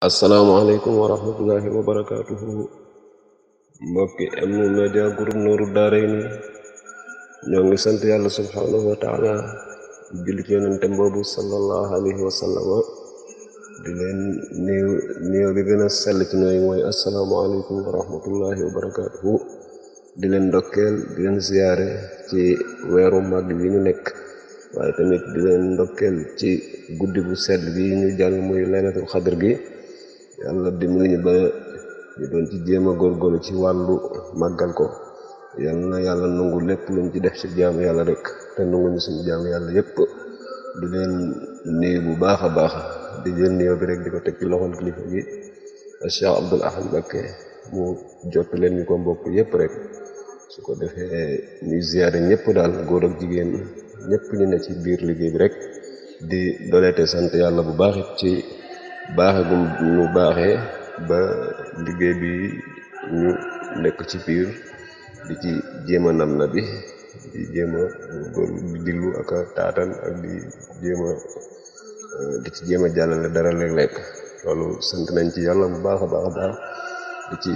asalaamaaleykum wa rahmatullahi wa barakaatuhu mbokki M Media Group Nourou Darayni ñoo ngi sant yàlla subhaanahu wa taala julli ci yonente boobu sallallahu alayhi wa sallama gën a sell ci nooyu mooy asalaamaaleykum wa rahmatullahi wa barakaatuhu di leen ndokkeel di leen ziyaare ci weeru màgg bi ñu nekk waaye tamit di leen ndokkeel ci guddi bu sedd bi ñu jàll muy laylatul xadr gi yàlla dimbali ñu ba ñu doon ci jéem a góorgóorlu ci wàllu màggal ko yal na yàlla nangu lépp luñ ci def ci jaamu yàlla rek te nangu ñu suñu jaamu yàlla yépp di leen nuyu bu baax a baax di jël nuyoo bi rek di ko teg ci loxol kilifa gi Cheikh Abdoul Ahad Mbacké mu jot leen ñu ko mbokk yépp rek su ko defee ñuy ziyaare ñëpp daal góor ak jigéen ñëpp ñu ne ci biir liggéey bi rek di doleete sant yàlla bu baax ci baaxagum ñu baaxe ba liggéey bi ñu nekk ci biir di ci jéem nam na bi di jéem a góor di diglu ak taatan ak di jéem euh, di ci jéem a jàllale dara léeg-léeg loolu sant nañ ci yàlla bu baax a baax a baax di ci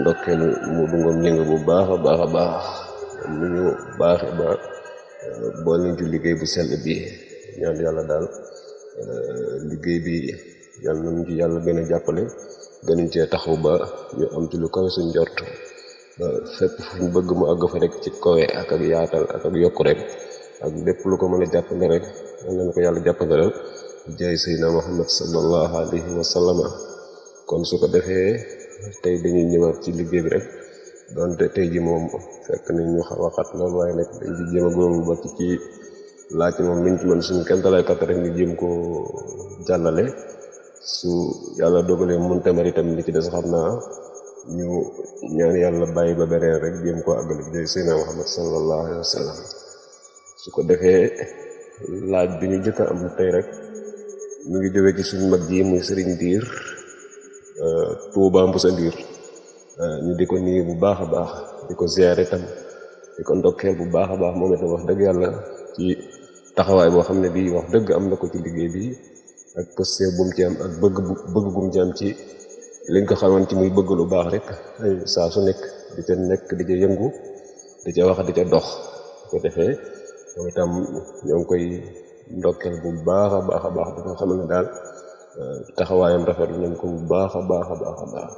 ndokkeelu mu dungom ñëng bu baax a baax a baax mu ñu baaxe ba euh, bool nañ ci liggéey bu sell bi ñaan yàlla daal euh, liggéey bi yàlla nañ ci yàlla gën jàppale gën a cee taxaw ba ñu am ci lu kawe suñ jot ba fépp fu ñu bëgg mu àgg fa rek ci kawe ak ak yaatal ak ak yokku rek ak lépp lu ko mën a jàppale rek am nañ ko yàlla jàppale la jaay sayyidina Muhammad sallallahu alayhi wa sallam kon su ko defee tey dañuy ñëwaat ci liggéey bi rek donte tey ji moom fekk nañ ñu xaw a xat loolu waaye nag dañ ci jéem a ba ci laaj moom lu ci mën suñu kenn dalay kat rek ñu jéem koo jàllale su yàlla dogalee mun tamit itam li ci des xam naa ñu ñaan yàlla bàyyi ba beneen rek jéem koo àggal bi jëy Seydina Muhammad su ko defee laaj bi ñu jëkk am tey rek mu ngi jógee ci suñu mag ji muy sëriñ Ndiir euh, Touba Mbusa Ndiir euh, ñu di ko nii bu baax a baax di ko ziyaare itam di ko ndokkeel bu baax a baax moom itam wax dëgg yàlla ci taxawaay boo xam ne bii wax dëgg am na ko ci liggéey bi ak posté bu mu ci ak bëgg bu bëgg bu mu ci am ci ko xamoon ci muy bëgg lu baax rek saa su nekk di ca nekk di ca yëngu di ca wax di ca dox ko defee itam ñoo ngi koy ndokkeel bu baax a baax a baax di ko xamal ne daal euh, taxawaayam rafetlu nañ ko bu baax a baax a baax baax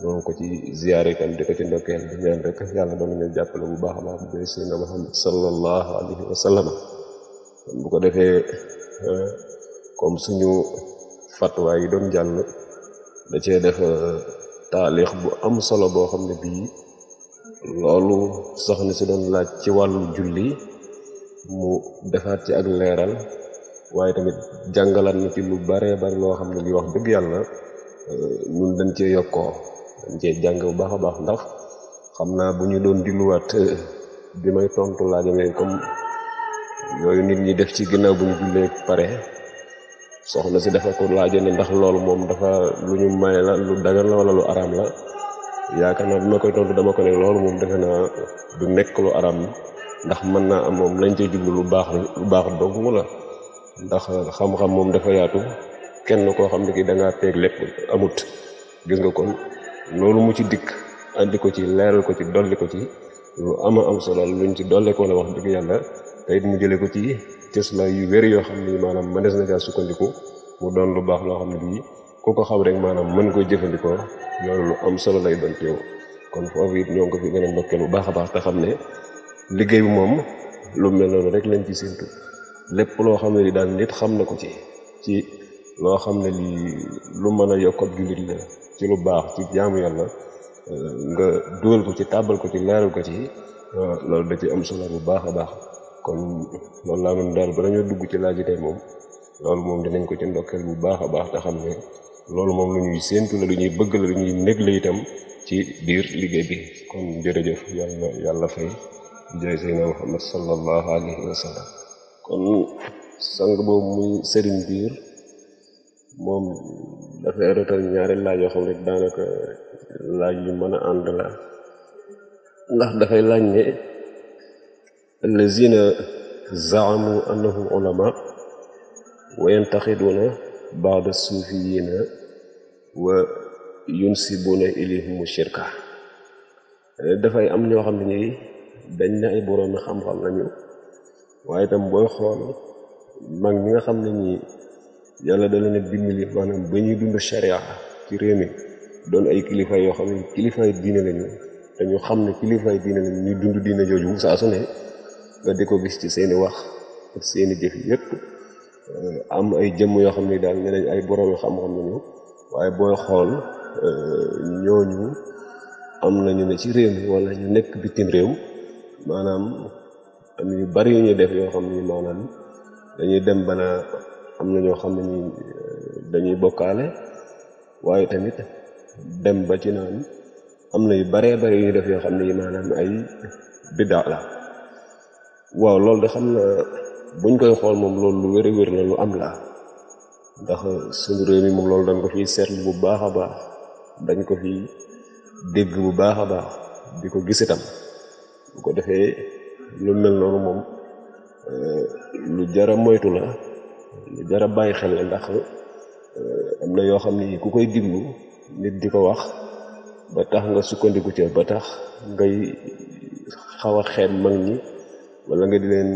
ñoo ngi ci ziyaare itam di ko ci ndokkeel di ñaan rek yàlla doon nañu jàppale bu baax a baax bu dee Seydina Muhammad sallallahu alayhi wa bu ko defee euh, comme suñu fatwa yi doon jàll da cee def euh, taalix bu am solo boo xam ne bii loolu soxna si doon laaj ci wàllu julli mu defaat ci ak leeral waaye tamit jàngalaat na ci lu bare bari loo xam ne li wax dëgg yàlla euh, ñun dañ cee yokkoo dañ cee jàng bu baax a baax ndax xam naa bu ñu doon dilluwaat euh, bi may tontu laajamee comme yooyu nit ñi def ci ginnaaw bu ñu jullee pare soxna si dafa ko laa ne ndax loolu moom dafa lu ñu may la lu dagan la wala lu araam la yaakaar naa bi ma koy tontu dama ko ne loolu moom defe naa du araam ndax mën naa am moom lañ cey jublu lu baax lu baax dong la ndax xam moom dafa yaatu kenn koo xam ne ki da ngaa peeg lépp amut gis nga kon loolu mu ci dikk andi ko ci leeral ko ci dolli ko ci lu ama am solo luñ ci dolli ko la wax dëgg yàlla te mu jële ko ci cëslaay yu wér yoo xam ni maanaam mënees na caa sukkandiku mu doon lu baax loo xam ne bii ku ko xam rek maanaam mën koo jëfandikoo loolu lu am solo lay doon teew kon foofu it ñoo ngi ko fi gën a ndokkeel a xam ne liggéey bi moom lu mel noonu rek lañ ci séntu lépp loo xam ne li daal nit xam na ko ci ci loo xam ne li lu mën a yokk ab jullit la ci lu baax ci jaamu yàlla euh, nga dugal ko ci tàbbal ko ci leeral ko ci euh, loolu da ci am solo bu baax a baax kon loolu laa mën daal bala ñoo dugg ci laaj tey moom loolu moom dinañ ko ci ndokkeel bu baax a baax te xam ne loolu moom lu ñuy séentu la lu ñuy bëgg la lu ñuy nég la itam ci biir liggéey bi kon jërëjëf yàlla yàlla fay jërëjëf Seydina Muhammad sallallahu alayhi wa sallam kon sang boobu muy sëriñ biir moom dafay rëtal ñaari laaj yoo xam ne daanaka laaj yu mën a ànd la ndax dafay laaj ne allazina zaamu annahum ulama wa yantaxiduuna baada suufiyina wa yunsibuna ilayhim shirka dafay am ñoo xam ne nii dañ la ay boroomi xam-xam lañu waaye tam booy xool mag ñi nga xam ne ñi yàlla da leen a dimbali maanaam ba ñuy dund sharia ci réew mi doon ay kilifa yoo xam ne kilifaay diine lañu te ñu xam ne kilifaay diine lañu ñuy dund diine jooju saa su ne nga di ko gis ci seeni wax ak seeni jëf yépp euh, am ay jëmm yoo xam ni daal ñeneen ay borom yu xam-xam nañu waaye booy xool euh, ñooñu am nañu ne ci réew mi wala ñu nekk bitim réew maanaam am yu bari yu ñuy def yoo xam ni maanaam dañuy dem bana am na ñoo xam ne euh, dañuy bokkaale waaye tamit dem ba ci naan am na yu baree bari yu def yoo xam ne maanaam ay biddaa la waaw loolu de xam na buñ koy xool moom loolu lu wér a wér la lu am la ndax suñu réew mi moom loolu dañ ko fi seetlu bu baax a baax dañ ko fi dégg bu baax a baax di ko gis itam bu ko defee lu mel noonu moom euh, lu jara moytu la lu jara bàyyi xel la ndax euh, am na yoo xam ni ku koy diglu nit di ko wax ba tax nga sukkandiku ca ba tax ngay xaw a xeet mag ñi wala nga di leen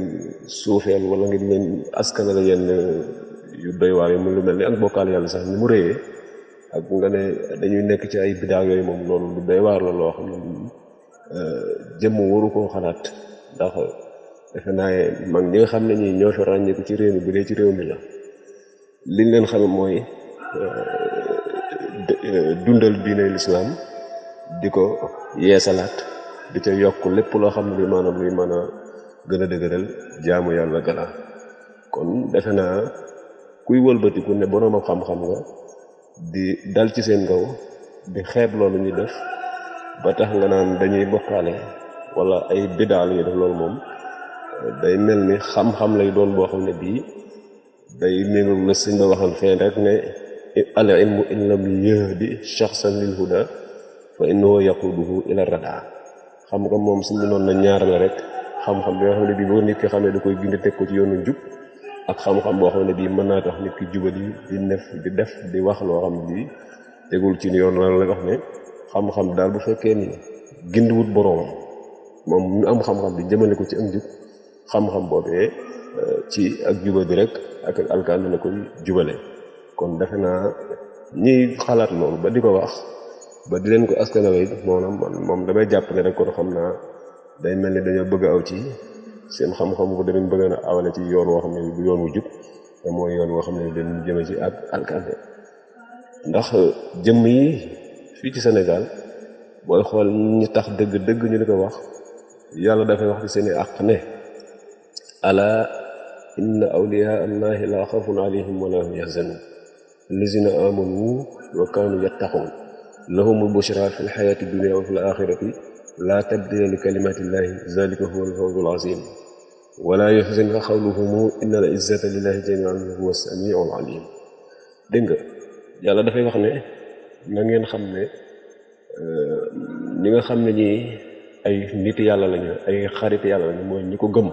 suufeel wala nga di leen askanale yenn yu doy yi mu lu mel ni ak bokkaale yàlla sax ni mu rëyee ak nga ne dañuy nekk ci ay bidaaw yooyu moom loolu lu doy waar la loo xam ne euh, jëmm waru koo xalaat ndax defe naa mag ñi xam ne ñi ñoo fi ràññeeku ci réew mi bu dee ci réew mi la liñ leen xam mooy euh, euh, dundal diine lislaam di ko yeesalaat di ca yokk lépp loo xam ne bi maanaam luy mën a gën a dëgëral jaamu yàlla gën a kon defe naa kuy wëlbatiku ne boroom a xam-xam nga di dal ci seen ngaw di xeeb loolu ñu def ba tax nga naan dañuy bokkaale wala ay bidaa la ñuy def loolu moom day mel ni xam-xam lay doon boo xam ne bii day méngul la sëñ ba waxal feen rek ne al ilmu in lam yahdi shaxsan lil huda fa innahu yaquduhu ila rada xam nga moom suñu noonu la ñaar rek xam-xam bi xam ne bii boo nit ki xamee da koy gindi teg ko ci yoonu njub ak xam-xam boo xam ne bii mën naa tax nit ki jubali di nef di def di wax loo xam ne bii tegul ci yoon lan la wax ne xam daal bu fekkee ni gindiwut boroom moom am xam bi jëmale ko ci am njub xam-xam boobee euh, ci ak jubadi rek ak ak alkaani la koy jubale kon defe naa ñiy xalaat loolu ba di ko wax ba di leen ko askanawee maanaam man moom damay jàpp ne rek kon xam naa day mel ni dañoo bëgg aw ci seen xam-xam ko dañu bëgg a awale ci yoon woo xam ne bu yoon wu jub yoon woo xam ne dañu jëm ci ak alkande euh, jëmm yi fii ci senegal booy xool ñi tax dëgg-dëgg ñu di ko wax yàlla dafay wax ci seen i àq ne ala inna awliya allahi la xafun alayhim wala hum yahzanun allazina amanu wa kanu yattaqun lahumul bushra fi l xayaati dunia wa fi l laa tabdila li kalimatillahi zalika huwa alfawzu alazim wala yaxzunka qawluhum inna al izzata lillahi jamian huwa samiu alalim dégg nga yàlla dafay wax ne na ngeen xam ne ñi nga xam ne ñi ay nit yàlla lañu ay xarit yàlla lañu mooy ñi ko gëm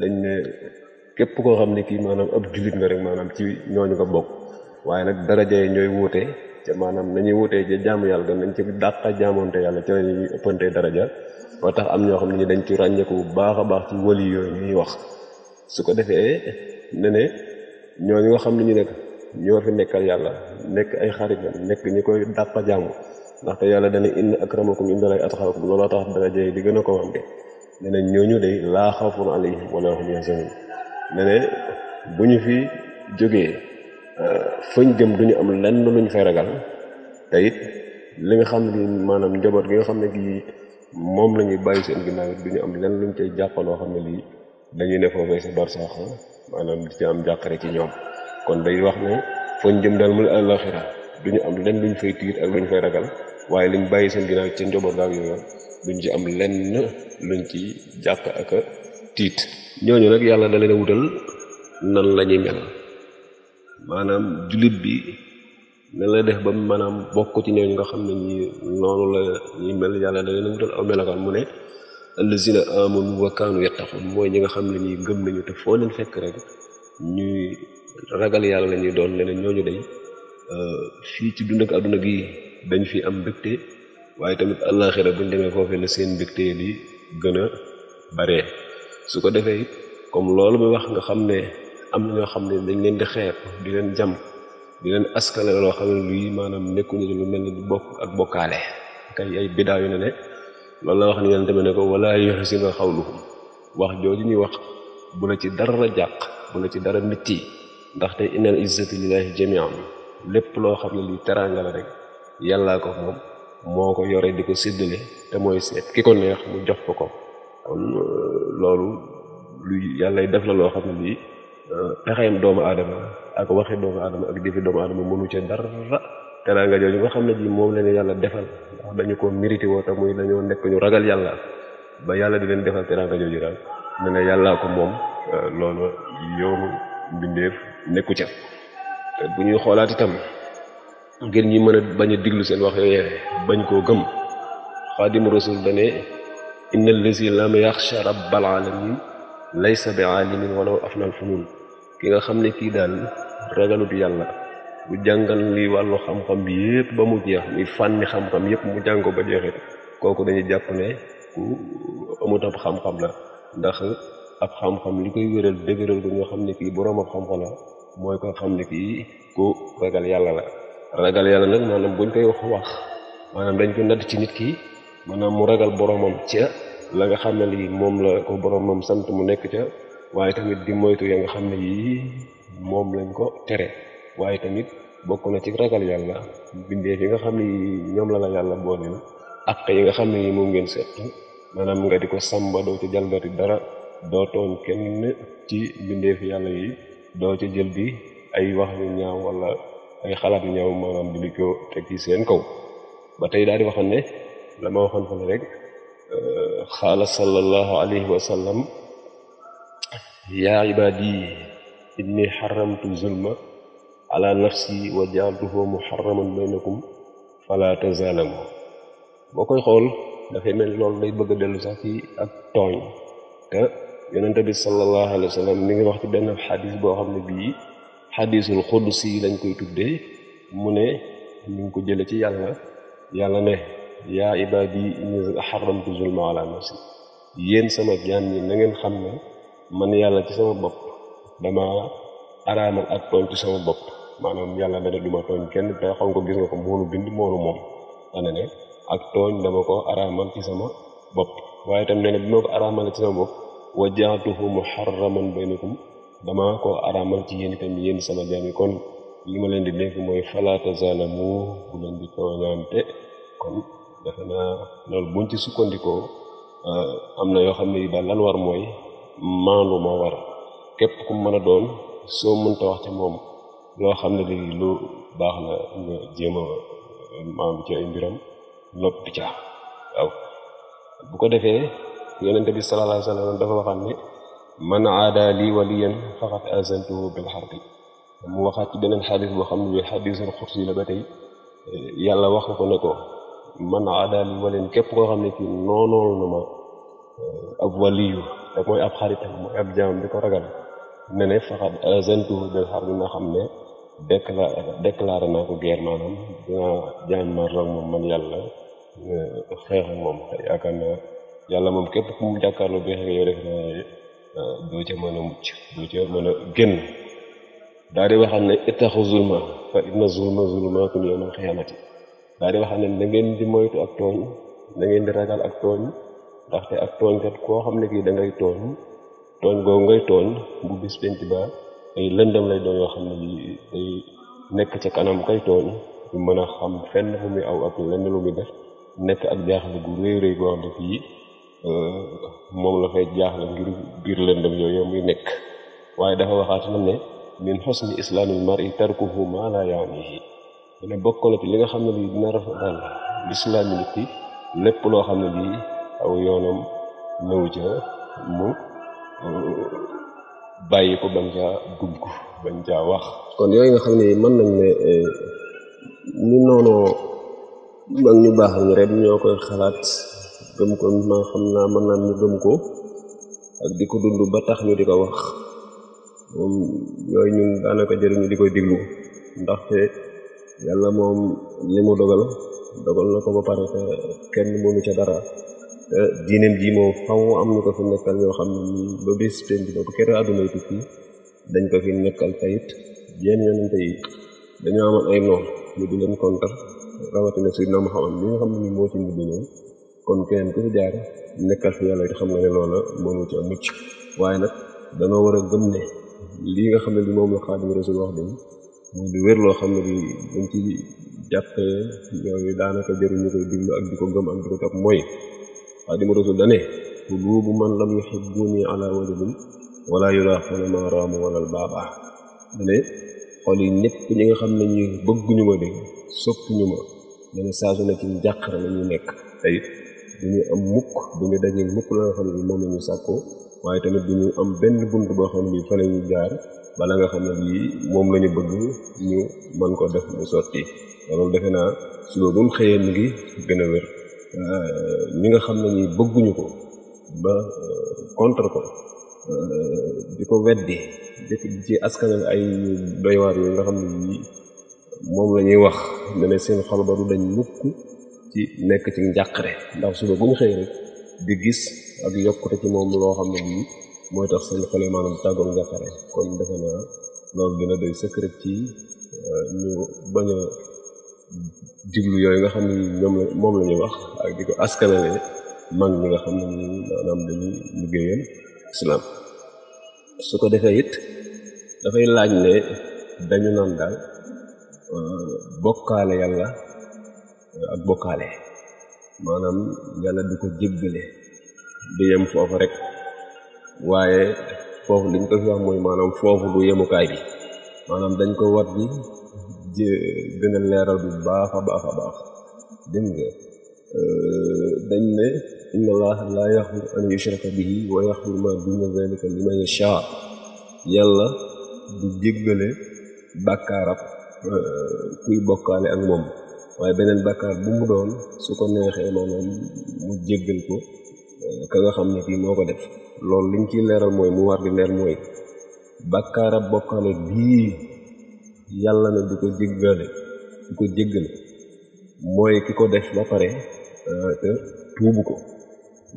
dañ ne képp koo xam ne kii maanaam ab jullit nga rek maanaam ci ñooñu nga bokk waaye nag daraja yi ñooy wuute te maanaam nañuy wutee ci jaamu yàlla ga nañ ci dàqa jaamonte yàlla ci lañuy ëppante daraja ba tax am ñoo xam ne ñu dañ ci ràññeeku bu baax baax ci wali yooyu ñuy wax su ko defee ne ne ñooñu nga xam ne ñu nekk ñoo fi nekkal yàlla nekk ay xarit la nekk ñi koy dàqa jaamu ndaxte yàlla dana inn akramakum indallaahi atqaakum looloo tax daraja yi di gën a ko wante ne ne ñooñu day laa xaw alayhim wa laa hum yahzanuun ne ne bu ñu fi jógee fañ jëm duñu am lenn luñ fay ragal te li nga xam ne maanaam njaboot gi nga xam ne gi moom la ñuy bàyyi seen ginnaaw it duñu am luñ cay jàppaloo xam ne lii dañuy ne foofee sa barsaax maanaam di ci am jàqare ci ñoom kon day wax ne fañ jëm daal mu àllaaxira duñu am lenn luñ fay tiit ak luñ fay ragal waaye liñ bàyyi seen ginnaaw seen njaboot gaag yooyu duñ ci am lenn luñ ci jàpp ak tiit ñooñu rek yàlla da leen a wutal nan la mel maanaam jullit bi ne la def ba maanaam bokk ci ñooñu nga xam ne ñi noonu la ñuy mel yàlla da leen wutal aw melokaan mu ne si allazina amanu wa kaanu yattaqun mooy ñi nga xam ne ñi gëm nañu te foo leen fekk rek ñuy ragal yàlla la ñuy doon leneen ñooñu de euh, fii ci dund ak àdduna gi dañ fi am mbégte waaye tamit bu ñu demee foofee la seen mbégte li gën a bare su ko defee comme loolu muy wax nga xam ne am na ñoo xam ne dañ leen di xeeb di leen jam di leen askale loo xam ne luy maanaam nekkuñu lu mel ni du bokk ak bokkaale kay ay bidaa yu ne ne loolu la wax ni yonente bi ne ko wala xaw lu wax jooju ñuy wax bu la ci dara jàq bu la ci dara nit yi ndaxte innal izzata lillahi lépp loo xam ne luy terangale la rek yàllaa ko moom moo ko yore di ko séddale te mooy seet ki ko neex mu jox ko ko kon loolu lu yàlla def la loo xam ne lii pexeem doomu aadama ak waxe doomu aadama ak difi doomu aadama mënu ca dara teraanga jooju nga xam ne ji moom la yàlla defal ndax dañu ko mérité woo te muy dañoo nekk ñu ragal yàlla ba yàlla di leen defal teraanga jooju daal ne ne yàllaa ko moom euh, loolu yoonu mbindeef nekku ca bu ñuy xoolaat itam ngir ñi mën a bañ a diglu seen wax yooyee bañ koo gëm xaadimu rasul dane inna allazi lam yaxsha rabbal alamin laysa bi alimin walaw afnal funun ki nga xam ne kii daal ragalut yàlla bu jàngal li wàllu xam-xam bi yépp ba mu jeex muy fànni xam-xam yépp mu jàng ba jeexit kooku dañuy jàpp ne ku amut ab xam-xam la ndax ab xam-xam li koy wéral dëgëral ko nga xam ne kii boroom ab xam-xam la mooy ko xam ne kii ku ragal yàlla la ragal yàlla nag maanaam buñ koy wax wax maanaam dañ ko natt ci nit ki maanaam mu ragal boromam ca la nga xam ne lii moom la ko boromam sant mu nekk ca waaye tamit di moytu ya nga xam ne yii moom lañ ko tere waaye tamit bokk na ci ragal yàlla bindeef yi nga xam ne yii ñoom la la yàlla boole na ak yi nga xam ne yii moom ngeen seq maanaam nga di ko sàmba doo ci jalbati dara doo tooñ kenn ci bindeef yàlla yi doo ci jël di ay wax yu ñaaw wala ay xalaat yu ñaaw maanaam di ko teg ci seen kaw ba tey daal di waxoon ne la ma waxoon fa ne rek euh, xaala sallallahu alayhi wa yaa ibaadi inni xaramtu zulma ala nafsi wa jaaltuhu muharraman baynakum fala tazalamu boo koy xool dafay mel lool day bëgg a dellu sax ci ak tooñ te yonente bi sallallahu alayhi wa sallam mi ngi wax ci benn xadis boo xam ne bii xadisul si lañ koy tuddee mu ne ñu ngi ko jële ci yàlla yàlla ne yaa ibaadi inni xaramtu zulma ala nafsi yéen sama jaam ñi na xam ne man yàlla ci sama bopp dama araamal ak tooñ ci sama bopp maanaam yàlla dana duma tooñ kenn te ko gis ko moonu bind moonu moom dana ak tooñ dama ko araamal ci sama bopp waaye tam nee na bi ci sama bopp wajaatuhu muharraman baynakum dama ko araamal ci yéen itam yéen sama jaam yi kon li leen di dénk mooy falaa tazaalamu bu leen di tooñaante kon loolu buñ ci sukkandikoo euh, am na yoo xam ne yi daal lan war mooy maandu moo war képp ku mën a doon soo mënta wax ci moom loo xam ne lii lu baax la nga jéem a euh, maandu ci ay mbiram noppi ca waaw bu ko defee yonente bi sallallahu alayhi wa sallam dafa waxam ne man aada lii waliyan faqad azantuhu bil harbi mu waxaat ci beneen xadis boo xam ne bi xadisul xursi la ba tey yàlla wax ko ne ko man aada lii waliyan képp koo xam ne ci noonool na ma Euh, ab waliyu te mooy ab xaritam mooy ab jaam bi ko ragal ne ne faxat azentuhu bil harbi nga xam ne déclaré déclaré naa ko guerre maanaam moom man yàlla xeex ak moom te yaakaar naa moom képp ku mu jàkkaarloo bi xeex yow def na euh, doo ca mën a mucc doo ne ittaqu zulma fa inna zulma zulmatun yawmal qiyaamati daa di waxaat ne na ngeen di moytu ak tooñ na ngeen di ragal ak tooñ ndaxte ak tooñkat koo xam ne kii da ngay tooñ tooñ googu ngay tooñ bu bis penc ba ay lëndam lay doon yoo xam ne bi nekk ca kanam kay tooñ du mën a xam fenn fu muy aw ak lenn lu muy def nekk ak jaaxle gu réy réy ne fii euh, moom la fay jaaxle ngir biir lëndam yooyu muy nekk waaye dafa waxaat na ne min xosni islaamil mari tarkuhu ma la yaanihi dina bokk na ci li nga xam ne lii dina rafetal lislaam nit ki lépp loo xam ne lii aw yoonam néew ca mu euh, bàyyi ko bañ caa dugg bañ caa wax kon yooyu nga xam ne mën nañ ne ñu euh, noonoo mag ñu baax ñi rek ñoo koy xalaat gëm ko ma xam naa mën naa ñu gëm ko ak di ko dund ba tax ñu di ko wax moom ñun daanaka jëriñu di koy diglu ndaxte yàlla moom li mu dogal dogal na ko ba pare te kenn mënu ca dara diineem ji moom xaw am ñu ko fi nekkal ñoo xam ne nii ba bés penc ba bu kere àdduna yi tukki dañ ko fi nekkal tayit yéen yonente yi dañoo amoon ay noon ñu di leen kontar rawatina si Muhammad li nga xam ne nii moo ci kon keneen jaar nekkal fi xam nga ne loola moom ci am mucc waaye nag danoo war a gëm ne lii nga xam ne li moom la Xaadimu Rasuul wax dañ muy lu wér loo xam ne bi dañ ci jàppee yooyu daanaka jëriñu koy diglu ak di ko gëm ak di ko topp mooy xaadimu rasul dane bu man lam yuhibbuni ala wajadin wala yuraaxuna ma raamu wala baaba dane xol yi ñëpp ñi nga xam ne ñu bëgguñu ma de soppuñu ma dane saasu na ci njàqare la ñu nekk tey du ñu am mukk du ñu daje mukk la nga xam ne ñu sàkkoo waaye tamit du ñu am benn bunt boo xam ne fa la ñu jaar bala nga xam ne lii moom lañu bëgg ñu mën ko def mu sotti loolu defe naa su loolu xëyee mi ngi gën a Euh, ñi nga xam ne ni bëgguñu ko ba euh, contre ko euh, di ko weddi dëkk ci askan ay doywaar yooyu nga xam ne nii moom lañuy wax ne ne seen xol ba du dañ mukk ci nekk ci njàqare ndax suba bu ñu xëy rek di gis ak yokkute ci moom loo xam ne nii mooy tax seen xole maanaam tàggoog njàqare kon defe naa loolu dina doy ci ñu bañ a jublu yooyu nga xam ne ñoom moom la ñuy wax ak di ko askanale mag ñi nga xam ne ni maanaam dañuy liggéeyal islam su ko defee it dafay laaj ne dañu naan daal euh, bokkaale yàlla euh, ak bokkaale maanaam yàlla du ko jéggale du yem foofu rek waaye foofu liñ ko fi wax mooy maanaam foofu du yemukaay bi maanaam dañ ko war bi gën a leeral bu baax a baax a baax dégg nga euh, dañ ne inna allaha laa yaxfir an yushraka bihi wa yaxfir ma duna zalika liman yasha yàlla du jéggale bakkaarab euh, kuy bokkaale ak moom waaye beneen bakkaar bu mu doon su ko neexee maanaam mu jéggal ko euh, ka nga xam ne kii moo ko def loolu liñ ciy leeral mooy mu war di leer mooy bàkkaarab bokkaale bii yàlla na du ko jéggale du ko jéggale mooy ki ko def ba pare euh, te tuubu ko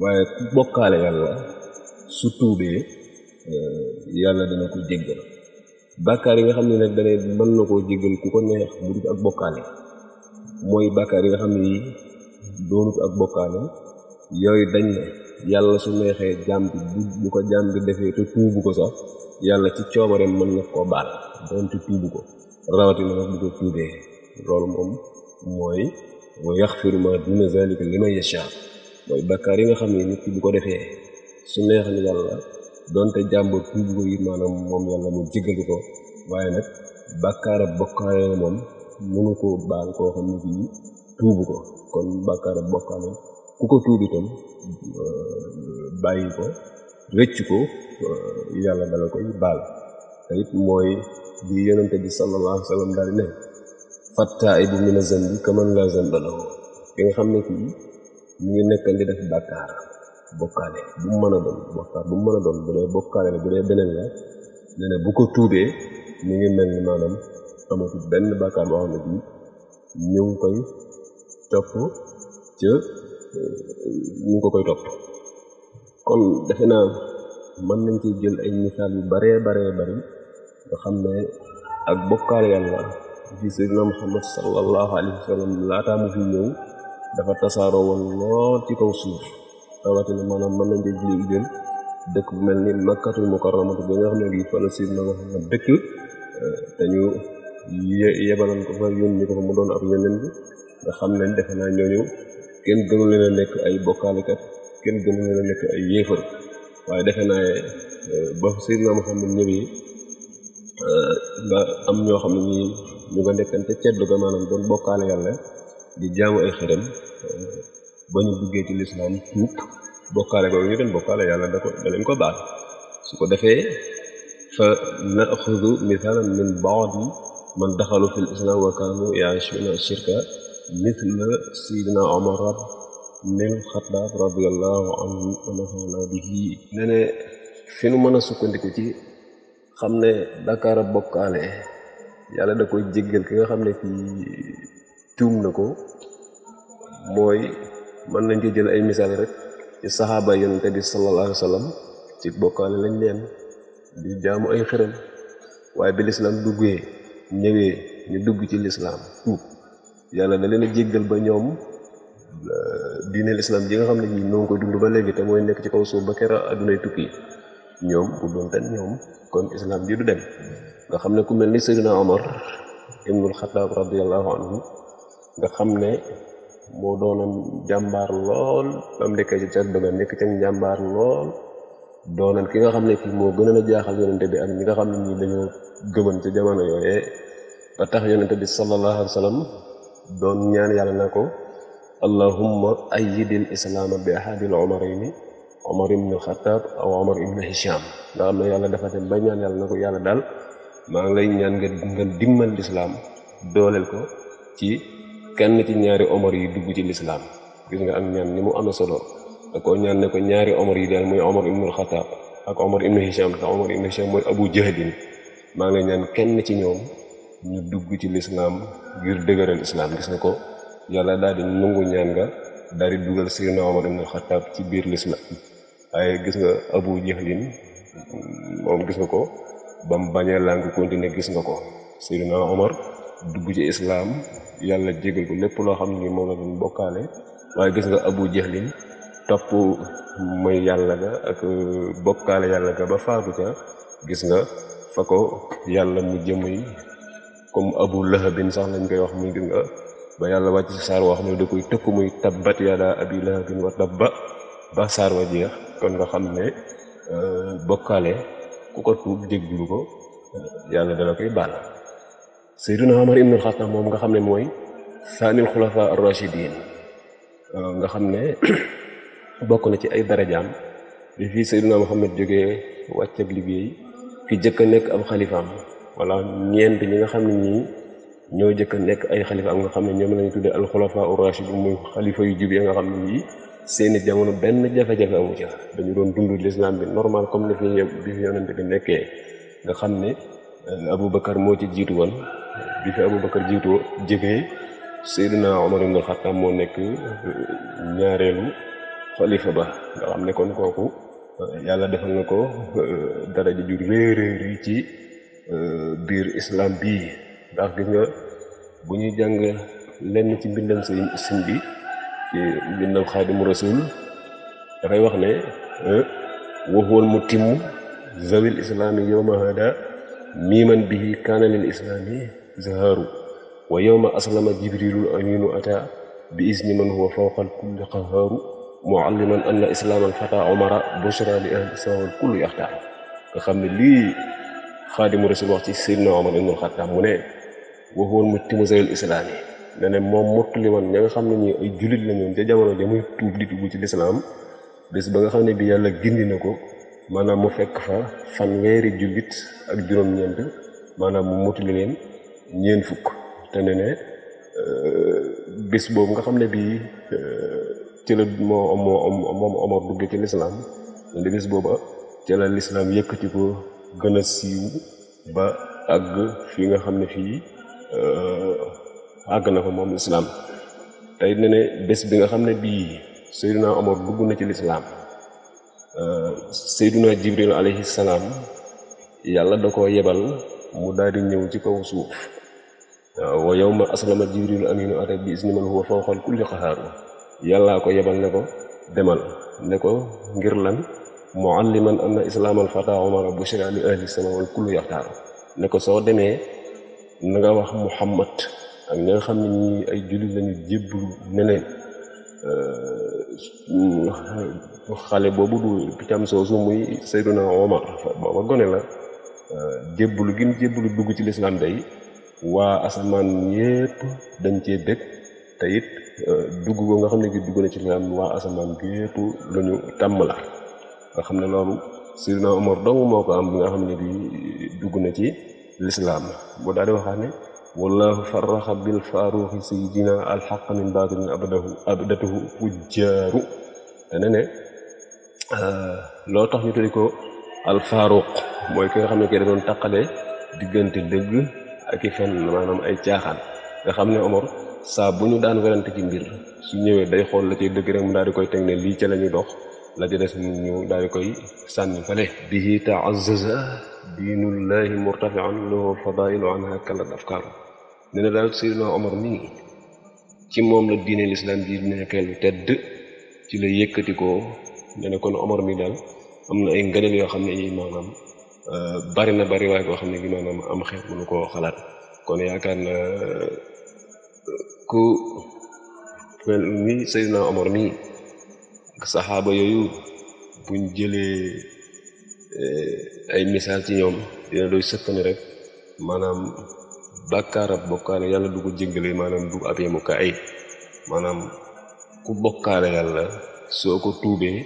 waaye ku bokkaale yàlla su tuubee euh, yàlla dina ko jéggal bàkkaar yi nga xam ne nag dane mën na koo jéggal ku ko neex mu dut ak bokkaale mooy bàkkaar yi nga xam ne yi doonut ak bokkaale yooyu dañ na yàlla su neexee jaam bu bu ko jaam defee te tuubu ko sax yàlla ci coobareem mën na koo baal doonte tuubu ko rawatina nag bu ko tuubee loolu moom mooy wa yaxfiru ma duna zalika li man yasha mooy bakkaar yi nga xam ne nit ki ko defee su neexal yàlla doonte jàmba tuubu ko it mu jéggal ko waaye nag bàkkaara bokkaale la moom mënu koo baal koo xam ne fii tuubu ko kon bàkkaara bokkaale ku ko tuubi itam Euh, bàyyi ko rëcc ko euh, yàlla dala koy baal te it mooy bi yonente bi sallallahu alayhi wa sallam daal di ne fattaa'ibu mina zanbi kaman laa zanba lahu ki nga xam ne ngi nekkal di def bàkkaar bokkaale bu mu mën a doon bu mu a doon bu dee bokkaale bu dee beneen la ne ne bu ko tuubee mu ngi mel ni maanaam amatul benn bàkkaar boo xam ne bii ñu ngi koy topp ca ñu ngi ko koy topp kon defe naa mën nañ ci jël ay misaal yu baree baree bari nga xam ne ak bokkaal la fi sayyidina Muhammad sallallahu alayhi wa sallam laataa mu fi ñëw dafa tasaaroo woon lool ci kaw suuf rawatina maanaam mën nañ ci jël dëkk bu mel ni makkatul mukarramatu bi nga xam ne bii fa la sayyidina Muhammad dëkk eh, te ñu yebaloon ko fa yónni ko fa mu xam ne defe naa ñooñu kenn gënu leen a nekk ay bokkaalekat kenn gënu leen a nekk ay yéefar waaye defe naa eh, ba Seydina Muhammad ñëwee nga eh, am ñoo xam ne ñi ñu nga nekkante ceddu ga maanaam doon bokkaale yàlla di jaamu ay xërëm eh, ba ñu duggee ci lislaam tuub bokkaale ko ñu doon bokkaale yàlla da ko da leen ko baax su ko defee fa naxudu misaalan min baadi man daxalu fi l islam wa kaanu shirka mithla sayyidina omar nel xataab radiallahu anhu anafana bihi ne ne fi nu mën a sukkandiku ci xam ne Dakar bokkaale yàlla da koy jéggal ki nga xam ne kii tuum na ko mooy mën nañ ko jël ay misaal rek ci saxaaba yonente bi sallallahu alayhi wa sallam ci bokkaale lañ leen di jaamu ay xërëm waaye bi lislaam duggee ñëwee ñu dugg ci lislaam tuub yàlla na leen a jéggal ba ñoom euh, diineel islam ji nga xam ne ñi noo ngi koy dund ba léegi te mooy nekk ci kaw suuf ba kera addunay tukki ñoom bu doon ten ñoom kon islam ji du dem nga xam ne ku mel ni Seydina Omar ibnul Xataab radiallahu anhu nga xam ne moo doonoon jàmbaar lool ba mu nekkee ci cat ba nga nekk jàmbaar lool doonoon ki nga xam ne kii moo gënoon a jaaxal yonente bi ak ñi nga xam ne ñi dañoo gëman ci jamono yooyee ba tax yonente bi sallallahu alayhi wa doon ñaan yàlla na ko allahumma ayidil islaama bi ahadil omarayni omar ibnu xataab aw omar ibnu hisham nga xam ne yàlla dafa dem ba ñaan yàlla na ko yàlla daal maa ngi lay ñaan nga nga dimmal lislaam dooleel ko ci kenn ci ñaari omar yi dugg ci lislaam gis nga am ñaan ni mu na solo da koo ñaan ne ko ñaari omar yi daal muy omar ibnu xataab ak omar ibnu hisham te omar ibnu hisham mooy abu jahlin maa ngi lay ñaan kenn ci ñoom ñu dugg ci lislaam ngir dëgëral islam gis nga ko yàlla daal di nangu ñaan nga daal dugal Seydina Omar ibn Xattaab ci biir lislaam waaye gis nga Abu Jahlin moom gis nga ko ba mu bañee làng continuer gis nga ko Seydina Omar dugg ci islaam yàlla jégal ko lépp loo xam ne moom la doon bokkaale waaye gis nga Abu Jahlin topp mooy yàlla ga ak bokkaale yàlla ga ba faatu ca gis nga fa ko yàlla mu jëmuy comme abu lahabin sax lañ koy wax muy gën nga ba yàlla wàcc ci saar woo xam ne da koy tëkku muy tabbat yada abi lahabin wa tabba ba saar wa kon nga xam ne euh, bokkaale ku ko ko euh, yàlla dana koy baal nga xam ne mooy saanil xulafa ar euh, nga xam ne bokk na ci ay darajaam bi fii sayyiduna Muhammad jógee wàcc ak liggéey ki jëkk a nekk am xalifaam wala ñeent ñi nga xam ne ñii ñoo jëkk a nekk ay xalifa am nga xam ne ñoom lañu tuddee alxulafa bi muy xalifa yu jub ya nga xam ne yii seeni jamono benn jafe-jafe amu ci dañu doon dund lislaam bi normal comme ni fi bi fi yonente bi nekkee nga xam ne euh, moo ci jiitu woon bi jiitoo jëfee Seydina Omar ibn Xattaab moo nekk euh, ñaareelu xalifa ba nga xam ne kon kooku euh, yàlla defal na ko dara ji ju réeréer yi ci Euh, biir islam bii ndax gis nga bu ñuy jàng lenn ci mbindam sëñ sëñ bi dafay wax ne euh, waxuwal mu timu zawil islaami yowma hada miiman bihi kaana lil islaami zaharu wa yowma aslama jibrilul aminu ata bi isni man huwa fawqal kulli qahaaru mualliman anna islaam al fata omara bushra li ahli sawal kullu yaxtaar nga xam ne lii xaadimu rasul wax ci Seydina Omar ibnul Xattaab mu ne waxoon mu timusayul islaam yi ne ne moom mottali woon ña xam ne ñi ay jullit la ñoon ca jamono ja muy tuub di dugg ci lislaam bés ba nga xam ne bi yàlla gindi na ko maanaam mu fekk fa fanweeri jullit ak juróom-ñeent maanaam mu mottali leen ñeent fukk te ne ne euh, bés boobu nga xam ne bii euh, ci la moo moo moom Omar dugg ci lislaam ne bés booba ci lislaam yëkkati ko gën a siiw ba àgg fi nga xam ne fii euh, àgg na fa moom lislaam tey ne ne bés bi nga xam ne bii Seydina Omar dugg na ci lislaam euh, Seydina Jibril alayhi salaam yàlla da koo yebal mu daal di ñëw ci kaw suuf waaw yow ma aslama jibril aminu ata bi isni man huwa fawqal kulli qahaar yàllaa ko yebal ne ko demal ne ko ngir lan mualliman anna islaamal fata bu bushra li ahli sama wal kullu yaxtaaru ne ko soo demee nanga wax mu muhammad ak ñi xam ne ñi ay jullit lañu jébblu ne leen euh, xale boobu du piccam soosu muy sayduna omar booba gone la euh, jébblu gin jébblu dugg ci lislaam day waa asamaan yépp dañ cee dëkk te it euh, dugg ko nga xam ne gi dugg na ci lislaam waa asamaan yépp lu ñu tàmm la nga xam ne loolu Seydina Omar dong moo ko am bi nga xam ne bi dugg na ci lislaam bu daal di waxaat ne wallahu faraxa bil faruxi sayidina alxaq min batilin abdahu abdatuhu fujjaaru dana ne ah, loo tax ñu tuddee ko al alfaruq mooy ki nga xam ne kii da doon taqale diggante dëgg ak i fen maanaam ay caaxaan nga xam ne Omar saa bu ñu daan werante ci mbir su ñëwee day xool la ciy dëgg rek mu daa di koy teg ne lii ca la ñuy dox la di des ñu daal di koy sànni fale a taazaza diinullahi murtafian lahu fadailu anha kalat afkaaru ne na daal Seydina Omar nii ci moom la diine lislaam ji nekkee lu tedd ci la yëkkati ko ne na kon Omar mi daal am na ay ngëneel yoo xam ne yi maanaam euh, bari na bari waaye koo xam ne gi maanaam am xel mënu koo xalaat kon yaakaar na ku mel ni Seydina Omar saxaaba yooyu buñ jëlee eh, ay misaal ci ñoom dina doy sëkkani rek maanaam bàkkaar ab bokkaale yàlla du ko jéggale maanaam du ab yemukaay maanaam ku bokkaale yàlla soo ko tuubee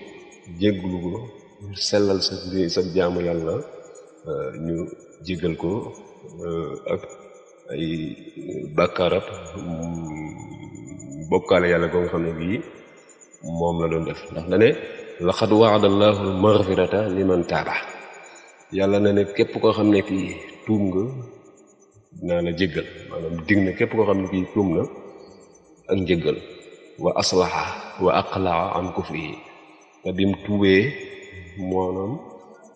jégglu ko sellal sa sa jaamu yàlla eh, ñu jéggal ko eh, ak ay bàkkaarab mm, bokkaale yàlla ko xam ne bii moom la doon def ndax da ne laqad waada allahu maghfirata yàlla na ne képp koo xam ne kii tuub nga naa la jéggal maanaam dig na képp koo xam ne kii tuub na ak njéggal wa aslaha wa aqlaa an kufrihi te bi mu tuubee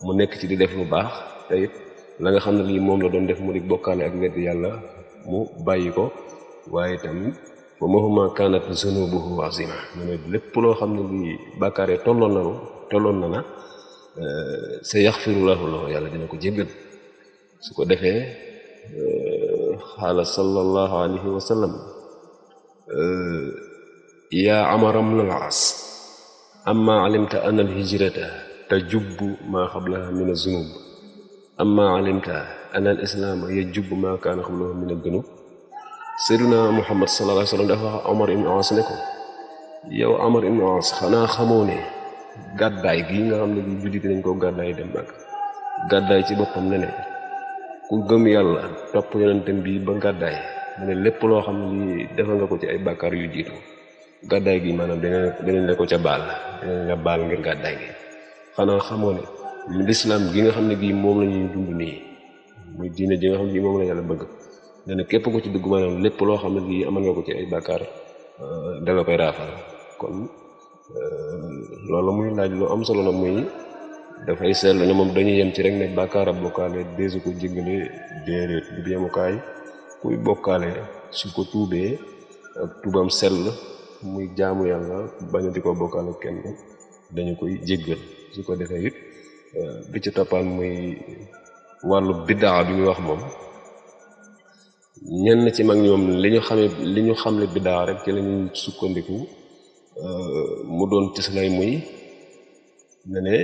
mu nekk ci di def lu baax te it xam ne lii moom la doon def mu di bokkaale ak wedd yàlla mu bàyyi ko waaye tamit wa mahuma kanat zunubuhu azima mu ne lépp loo xam ne lii bàkkaar yi tolloon tolloon na na euh, sa yaxfiru lahu lahu yàlla dina ko jéggal su ko defee euh, xaala sallallahu alayhi wa sallam euh, yaa amara bna al aas amma alimta ana alhijrata tajubbu maa qablaha min azunub amma alimta ana al islaama maa kaana qablahu min adunub naa muhammad sallallahu alayhi wa sallam dafa wax omar ibn aas ne ko yow omar ibn aas xanaa xamoo ne gàddaay gi nga xam ne bi jullit nañ ko gàddaay dem mag gàddaay ci boppam ne ne ku gëm yàlla topp yonentam bi ba gàddaay mu ne lépp loo xam ne li defal nga ko ci ay bàkkaar yu jiitu gàddaay gi maanaam dinañ deneen la ko ca baal dinañ la baal ngir gàddaay gi xanaa ne lislaam gi nga xam ne bii moom la ñuy dund nii muy diine ji nga xam ne bii moom la yàlla bëgg nee képp ko ci dugg maanaam lépp loo xam ne am amal nga ko ci ay bàkkaar euh, da la koy raafal kon euh, loolu muy laaj lu am solo la muy dafay seetlu ne moom dañu yem ci rek ne bàkkaara bokkaale deesu ko jéggale déedéet du yemukaay kuy bokkaale su ko tuubee ak tuubam sell muy jaamu yàlla baña di ko bokkaale kenn dañu koy jéggal su ko defee it euh, bi ci toppaan muy wàllu biddaa bi muy wax moom ñenn ci mag ñoom li ñu xamee li ñu xamle biddaa rek ci lañuy sukkandiku euh, mu doon tislay muy ne ne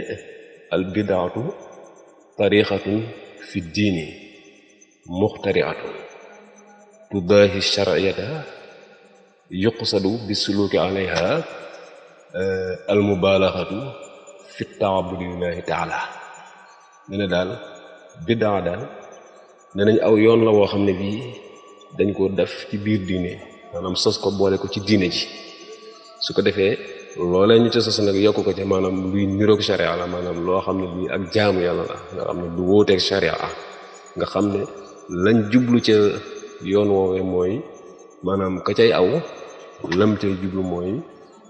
al bidaatu tariqatun fi diini muxtariatun tudaahi shariyata yuqsadu bi suluki alayha euh, al mubaalaxatu fi taabudi lillahi taala ne ne daal biddaa daal ne nañ aw yoon la woo xam ne bii dañ ko def ci biir diine maanaam sos ko boole ko ci diine ji su ko defee loole ñu ca sos nag yokk ko ca maanaam luy niroog sharia la maanaam loo xam ne lii ak jaamu yàlla la nga xam ne lu xam ne lañ jublu ca yoon woowee mooy maanaam ka cay aw lam cay jublu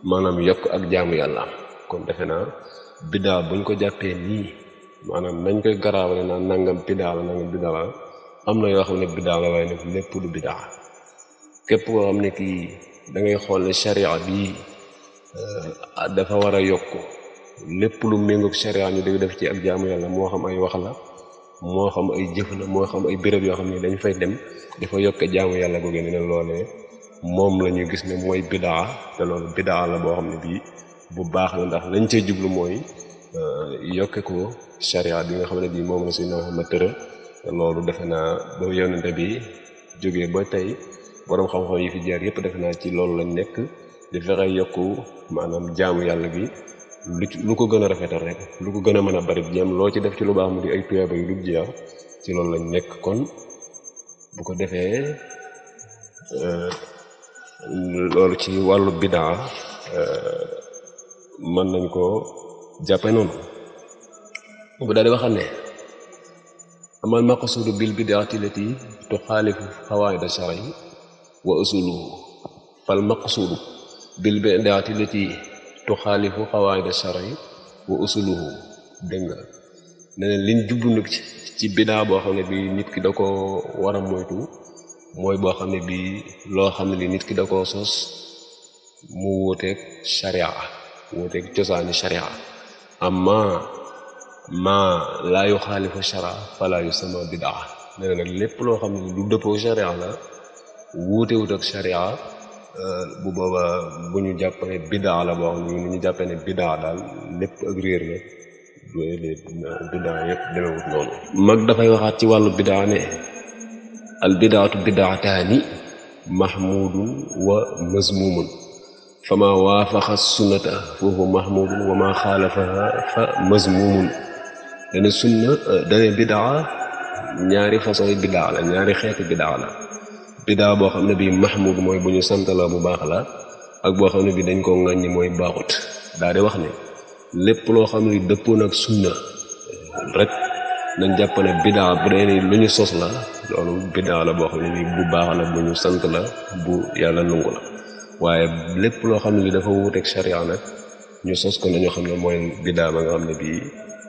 maanaam yokk ak jaamu yàlla kon defe naa biddaa buñ ko jàppee nii maanaam nañ koy garaawale naan nangam biddaa nangam biddaa la am na yoo xam ne bidaa la waaye nag lépp lu bidaa képp koo xam ne kii da ngay xool ne sharia bii euh, dafa war a yokk lépp lu méngoog sharia ñu dëgg def ci ak jaamu yàlla moo xam ay wax la moo xam ay jëf moo xam ay béréb yoo xam ne dañ fay dem dafa yokk jaamu yàlla googu ne loolee moom la gis ne mooy bidaa te loolu bidaa la boo xam ne baax la ndax lañ cey jublu mooy euh, yokke ko bi nga xam ne bii moom la si na ma tëra te loolu defe naa ba yonente bi jógee ba tey boroom xam-xam yi fi jaar yépp defe naa ci loolu lañ nekk di fexe yokk maanaam jaamu yàlla bi lu lu ko gën a rafetal rek lu ko gën a mën a bari jëm loo ci def ci lu baax mu di ay tuyaaba yu dul ci loolu lañ nekk kon bu ko defee euh, loolu ci wàllu bidaa euh, mën nañ ko jàppe noonu bu daal di waxal ne amal maqsudu bil bidaati lati tuxaalifu xawaayida shari wa usuluhu fal maqsudu bil bidaati lati tuxaalifu xawaayida shari wa usuluhu dégg nga neneen liñ jublu nag ci bidaa boo xam ne bi nit ki da ko war moytu mooy boo xam ne bi loo xam ne nit ki da ko sos mu wuuteeg sharia wuuteeg cosaani sharia amma ma laa yu xaalifu shara fala sama bidaa nee nag lépp loo xam ne lu dëppoo sharia la wuutewut ak sharia euh, bu booba bu ñu jàpp ne la boo xam ne ñu jàppee ne bidaa daal lépp ak réer la bidaa yëpp demewut noonu mag dafay waxaat ci wàllu bidaa ne al bidaatu bidaataani mahmudun wa mazmumun fa waafaxa sunnata foofu mahmudun wa ma xaalafaha fa mazmumun dana sunna eh, dana bidaa ñaari façon yi bidaa la ñaari xeeti bidaa la bidaa boo xam ne bii mahmud mooy bu ñu sant la bu baax la ak boo xam ne bii dañ koo ŋàññi mooy baaxut daa di wax ne lépp loo xam ne dëppoon ak sunna eh, rek nañ jàpp ne bu dee lu ñu sos la loolu bidaa la boo xam ne bii bu baax la bu ñu sant la bu yàlla nangu la waaye lépp loo xam ne li dafa wuuteeg sharia nag ñu sos ko nañu xam ne mooy bidaa ba nga xam ne bii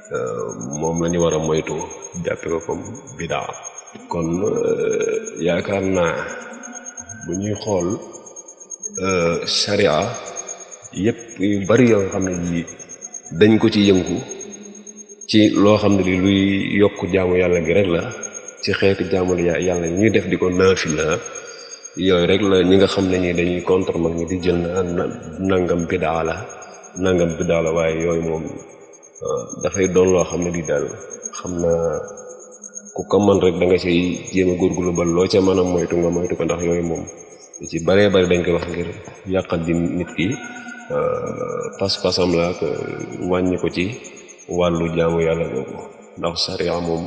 Euh, moom la ñu war a moytu jàppe ko comme bidaa kon euh, yaakaar naa bu ñuy xool euh, sharia yëpp yu bari yoo xam ne ji dañ ko ci yëngu ci loo xam ne li luy yokk jaamu yàlla gi rek la ci xeetu jaamu yàlla ñuy def di ko naafila yooyu rek la ñi nga xam ne ñi dañuy contre mag ñi di jël na nangam bidaa la nangam bidaa la waaye yooyu moom Euh, dafay doon loo xam ne di daal xam na ku ko mën rek da nga cay jéem a góorgóorlu ba loo ca mën a moytu nga moytu ko ndax yooyu moom ci baree bari dañ koy wax ngir yàqal di nit ki euh, pas-pasam la ak euh, wàññi ko ci wàllu jaamu yàlla googu ndax sariya moom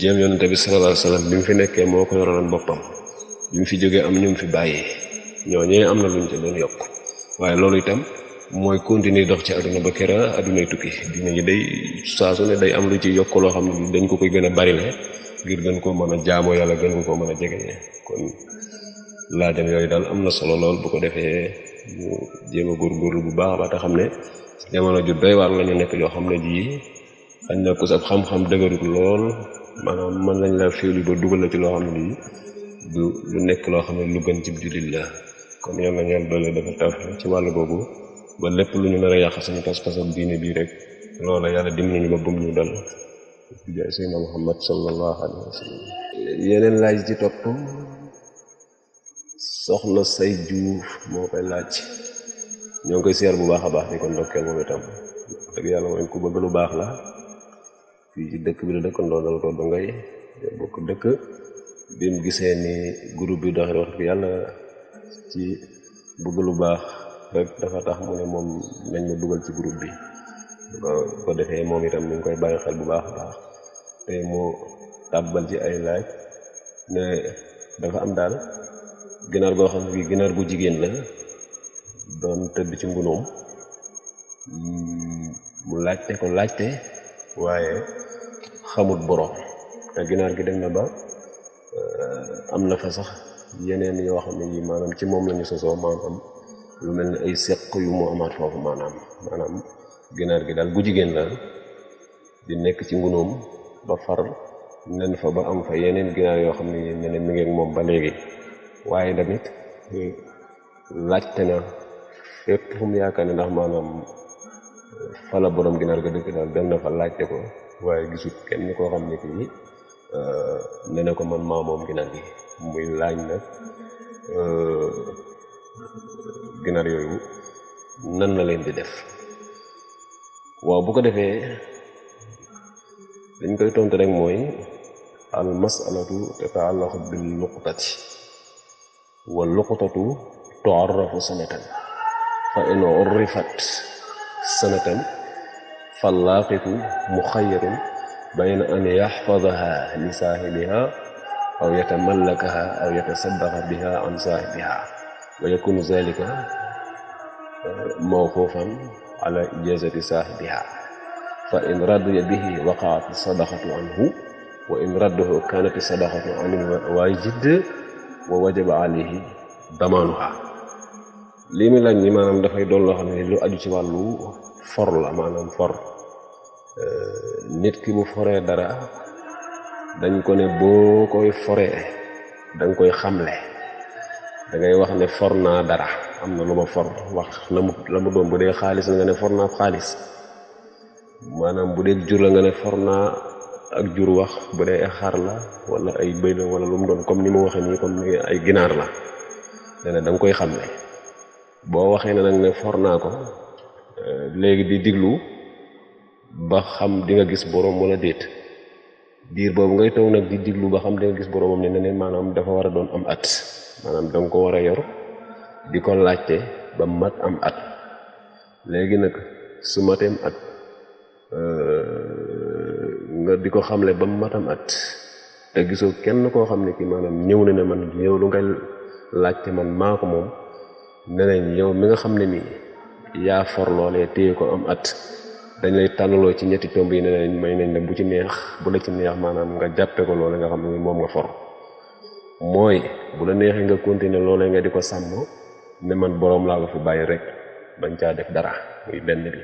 jéem yonente bi sallallahu alayhi wasallam bi mu fi nekkee moo ko yoroon boppam bi mu fi jógee am ñu mu fi bàyyee ñoo ñee am na luñ ca doon yokk waaye loolu itam mooy continuer dox ci àdduna ba kera àddunay tukki dinañu day saa su ne day am lu ci yokk loo xam ne dañ ko koy gën a bari la ngir gën koo mën a jaamoo yàlla gën koo mën a jegeñe kon laajam yooyu daal am na solo lool bu ko defee ñu jéem a góorgóorlu bu baax ba xam ne jamono ju doy waar la nekk yoo xam ne jii xañ na ku sab xam-xam dëgërul lool maanaam mën nañ la féewlu ba dugal la ci loo xam ne lii lu nekk loo xam ne lu gën ci jullit la kon yàlla ñaan doole dafa taw ci wàll boobu ba lépp lu ñu nar a yàq suñu pas-pas ak diine bii rek loola yàlla dimbali ñu ba bum ñu dal di jaay Muhammad sallallahu alayhi wa yeneen laaj ci topp soxna say juuf moo koy laaj ñoo ngi koy seer bu baax a baax di ko ndokkeel moom itam dëgg yàlla mooy ku bëgg lu baax la fii ci dëkk bi la dëkkandoo dal ko ba ngay bokk dëkk bi mu gisee ni groupe bi doxee wax dëgg yàlla ci bëgg lu baax rek dafa tax mu ne moom nañ ma dugal ci groupe bi bu ko defee moom itam ñu ngi koy bàyyi xel bu baax baax te mu tàbbal ci ay laaj ne dafa am daal ginaar goo xam ne ginaar gu jigéen la doon tëdd ci ngunoom mm, mu laajte ko laajte waaye xamut borom ginaar gi dem na ba euh, am na fa sax yeneen yoo xam ne yi maanaam ci moom la ñu sosoo maanaam lu mel ne ay seq yu mu amaat foofu maanaam maanaam ginaar gi daal gu jigéen la di nekk ci ngunoom ba far nen fa ba am fa yeneen ginaar yoo xam ne ne mi ngi ak moom ba léegi waaye tamit eh, laajte na yaakaar ne ndax maanaam eh, fala ginaar ga dëkk dem na fa laajte ko waaye gisut kenn koo xam ne kii eh, ne ko man maa moom ginaar gi muy laaj nag ginaar yooyu nan leen di def waaw bu ko defee dañ koy tontu rek mooy al masalatu tata'allaqu bil luqtati wa luqtatu tu'arrafu sanatan fa in urrifat sanatan fal laaqitu muxayyarun bayna an yaxfadaha li saahibiha aw yatamallakaha aw yatasaddaqa biha an saahibiha wa yakunu zalika eh, mawqufan ala ijazati saahibiha fa in radiya bihi waqaat sadaqatu anhu wa in raddahu kanat sadaqatu an waajid wa wajaba alayhi damaanuha lii mi laaj ni maanaam dafay doon loo xam ne lu aju ci wàllu for la maanaam for eh, nit ki bu foree dara dañ ko ne boo koy foree danga koy xamle dangay wax ne for naa dara am na lu ma for wax la mu la mu doon bu dee xaalis la nga ne for naa xaalis maanaam bu dee jur la nga ne for naa ak jur wax bu dee ay xar la wala ay bëy la wala lu mu doon comme ni mu waxee nii comme ni ay ginaar la dana da koy xam ne boo waxee ne nag ne for naa ko eh, léegi di diglu ba xam di nga gis borom wala déet diir boobu ngay toog nag di diglu ba xam da nga gis boroomam ne ne maanaam dafa war a am at maanaam da war a yor di ko laajte ba mat am at léegi nag su mateem at euh, nga di ko xamle ba matam at te kenn koo xam ne ki maanaam ñëw na man yow lu nga laajte man maa moom ne ñëw mi nga xam ne nii yaa for loolee téye ko am at dañ lay tànnaloo ci ñetti tomb yi ne nañ may nañ la bu ci neex bu la ci neex maanaam nga jàppe ko loolu nga xam ne moom nga for mooy bu la neexee nga continuer loolee nga di ko sàmm ne man boroom laa ko fi bàyyi rek bañ caa def dara muy benn bi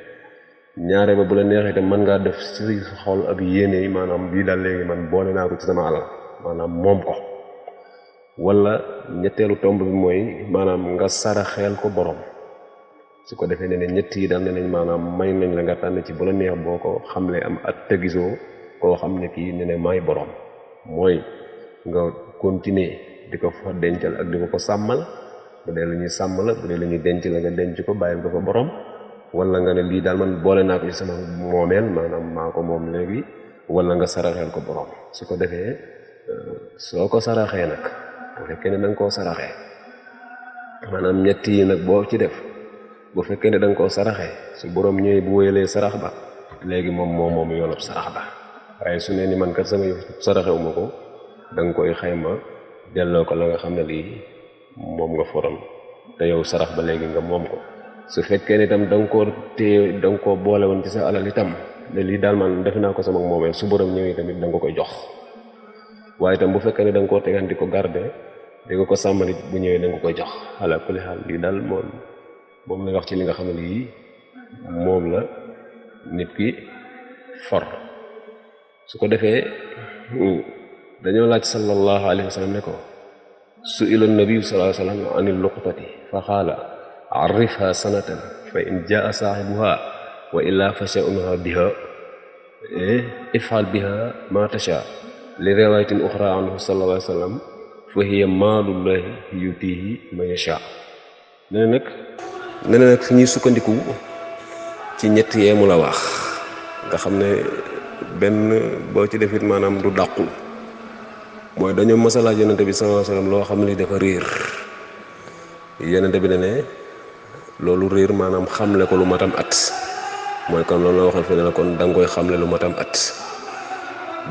ñaare ba bu la neexee te mën ngaa def si xol ab yéene yi maanaam bii daal léegi man boole naa ko ci sama alal maanaam moom ko wala ñetteelu tomb bi mooy maanaam nga saraxeel ko boroom su ko defee ne ñett yi daal ne nañ maanaam may nañ la nga tànn ci bu la neex boo ko xamle am at te gisoo koo xam ne kii ne ne maay borom mooy nga continuer di ko fa dencal ak di ko ko sàmmal bu dee la ñuy sàmm la bu dee la ñuy denc la nga denc ko bàyyil ko fa borom walla nga ne lii daal man boole naa ko ci sama moomeel maanaam maa ko moom léegi wala nga saraxeel ko borom su ko defee euh, soo ko saraxee nag bu fekkee ne koo saraxee maanaam ñett yi nag boo ci def bu fekkee ne da nga koo saraxe su borom ñëwee bu wéyalee sarax ba léegi moom moo moom yoonab sarax ba waaye su nee ni man kat sama yëf saraxewuma ko da nga koy xayma delloo ko la nga xam ne lii moom nga foram te yow sarax ba léegi nga moom ko su fekkee ne itam da nga koo téye sa alal itam ne lii daal man def naa ko sama moomee su borom ñëwee tamit da nga ko jox waaye itam bu fekkee ne da nga koo tegan di ko garde di ko ko sàmmali bu ñëwee da ko jox ala kulli xaal lii daal moom moom lay wax ci li nga xam ne lii moom la nit ki for su ko defee dañoo laaj sallallahu alayhi wa sallam ne ko su ila nabiu sallallahu alayhi wa sallam an il luqtati fa qaala arrifha sanatan fa in jaa saaxibuha wa illa fa sha'nuha biha eh, ifal biha ma tasha li riwayatin uxra anhu sallallahu alayhi wa sallam fa hiya maalullahi yutihi man yasha nee nag nee ak nag fi ñuy sukkandiku ci ñett yee mu la wax nga xam ne benn boo ci defit maanaam du dàqu mooy dañoo mas a laaj yonente bi sallallahu alayhi loo xam ne dafa réer yonente bi ne ne loolu réer maanaam xamle ko lu ma tam at mooy kon loolu la waxoon fi ne kon da nga koy xamle lu tam at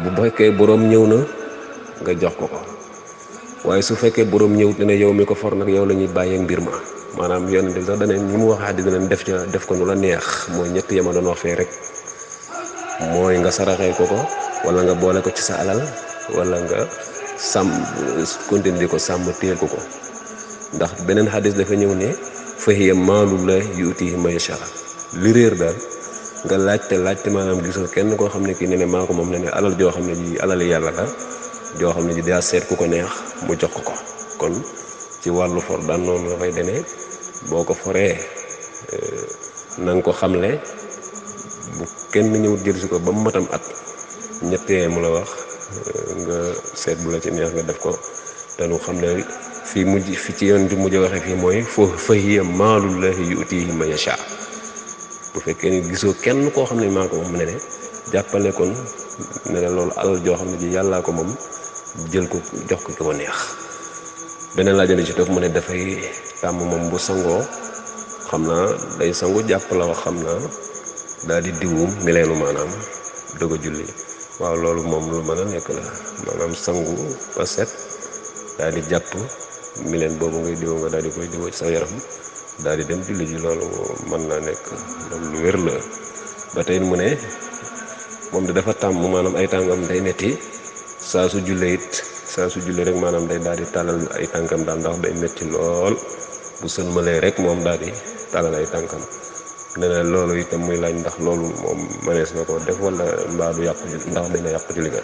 bu fekkee boroom ñëw na nga jox ko ko waaye su fekkee boroom ñëw dina yow mi ko for nag yow la ñuy bàyyee mbir ma maanaam yoon bi sax daneen ñi mu wax a danañ def ca def ko nu la neex mooy ñett yema doon wax fee rek mooy nga saraxee ko ko wala nga boole ko ci sa alal wala nga sàmm continuer di ko sàmm téel ko ko ndax beneen xadis dafa ñëw ne fahiya maalullahi yuutihi man yasha li réer daal nga laajte laajte maanaam gisoo kenn koo xam ne kii ne ne maa moom ne ne alal joo xam ne ji alal yàlla la joo xam ne ji daa seet ku ko neex mu jox ko ko kon ci wàllu for daan noonu la fay demee boo ko foree euh, na nga ko xamle bu kenn ñëw jël si ko ba mu matam at ñettee mu la wax euh, nga seet bu la ci neex nga def ko te nu xam ne fii mujj fi ci yoon bi mujj waxee fii mooy fa fa hiya maalullahi yu'tihi man yasha bu fekkee ne gisoo kenn koo xam ne maa ko moom ne ne jàppale kon ne la loolu alal joo xam ne ji yàllaa ko moom jël ko jox ko ki ko neex beneen laaj la ci def mu ne dafay tàmm moom bu sangoo xam naa day sangu jàpp la xam naa dal di diwum mi leenu maanaam dog julli waaw loolu moom lu mën a nekk set daal di jàpp mi leen boobu ngay diw nga ci sa yaram daal di dem julli ji loolu mën naa nekk loolu lu wér la ba tey mu ne moom de dafa tàmm maanaam ay tàngam day metti saa su jullee it saa su julli rek maanaam day daal di tàllal ay tànkam daal ndax day metti lool bu sëlmalee rek moom daal di tàllal ay tànkam nee na loolu itam muy laaj ndax loolu moom mënees na ko def wala mbaa du yàqu julli ndax dina yàqu julli ga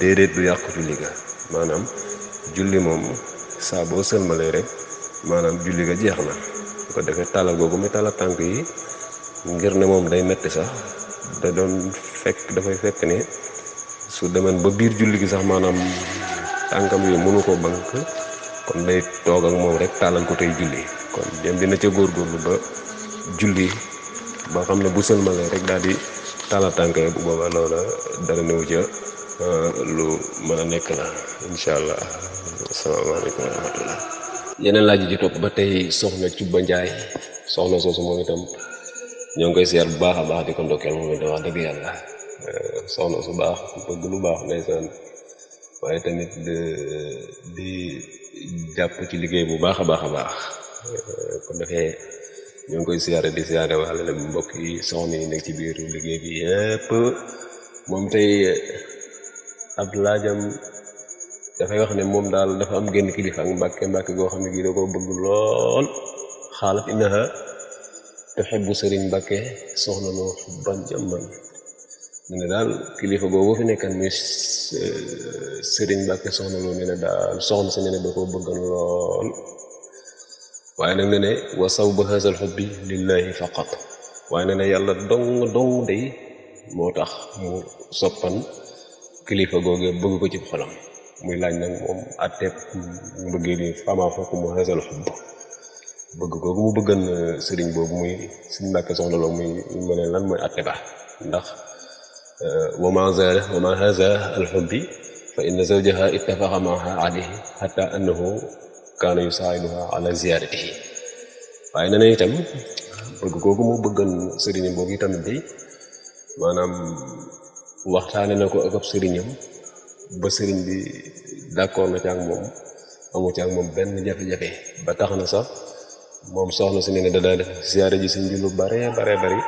déedéet du yàqu julli ga maanaam julli moom saa boo sëlmalee rek maanaam julli ga jeex na bu ko defee tàllal googu muy tàllal tànk yi ngir ne moom day metti sax da doon fekk dafay fekk ni su demoon ba biir julli gi sax maanaam tànkam yooyu mënu ko bank kon day toog moom rek taalal ko tey julli kon dem dina ca góorgóorlu ba julli ba xam ne bu sëlmalee rek daal di taalal tànk bu booba loola dara newu ca euh, lu mën a nekk la incha allah asalaamaaleykum wa rahmatullah yeneen ji topp ba tey soxna Cubba Njaay soxna soosu moom ngi koy seer bu baax a baax di dëgg yàlla euh, soxna su baax waaye tamit euh, di jàpp ci liggéey bu baax a baax a baax euh, kon defee ñoo ngi koy siyaare di siyaare waxale ne mbokk yi soxna yi nekk ci biir liggéey bi yëpp moom tey ab laajam dafay wax ne moom daal dafa am genn kilifa ak mbàkke mbàkke goo xam ne gii da ko bëgg lool xaalat innaha tuxibbu sëriñ mbàkke soxna noo xubban jamman mu ne daal kilifa googu fi nekkan muy eh, sëriñ Mbàkke soxna loo nee na daal soxna si nee na da koo bëggan lool waaye nag ne ne wa sawba hasal xubbi lillahi faqat waaye ne ne yàlla dong dong day moo tax mu soppan kilifa googee bëgg ko ci xolam muy laaj nag moom àtteeb mbëggee di eh, muy àtte ba ndax ومع ذلك ومع هذا الحب فإن زوجها اتفق معها عليه حتى أنه كان waaye nee na itam bëgg googu mu bëggoon sëriñam boobu itamit bi maanaam waxtaane na ko ak sëriñam ba sëriñ bi d'accord na ci ak moom amu ci ak moom benn jafe-jafe ba tax na sax moom soxna si ne ne da daa def ziyaare ji sëñ bi lu bare bare bari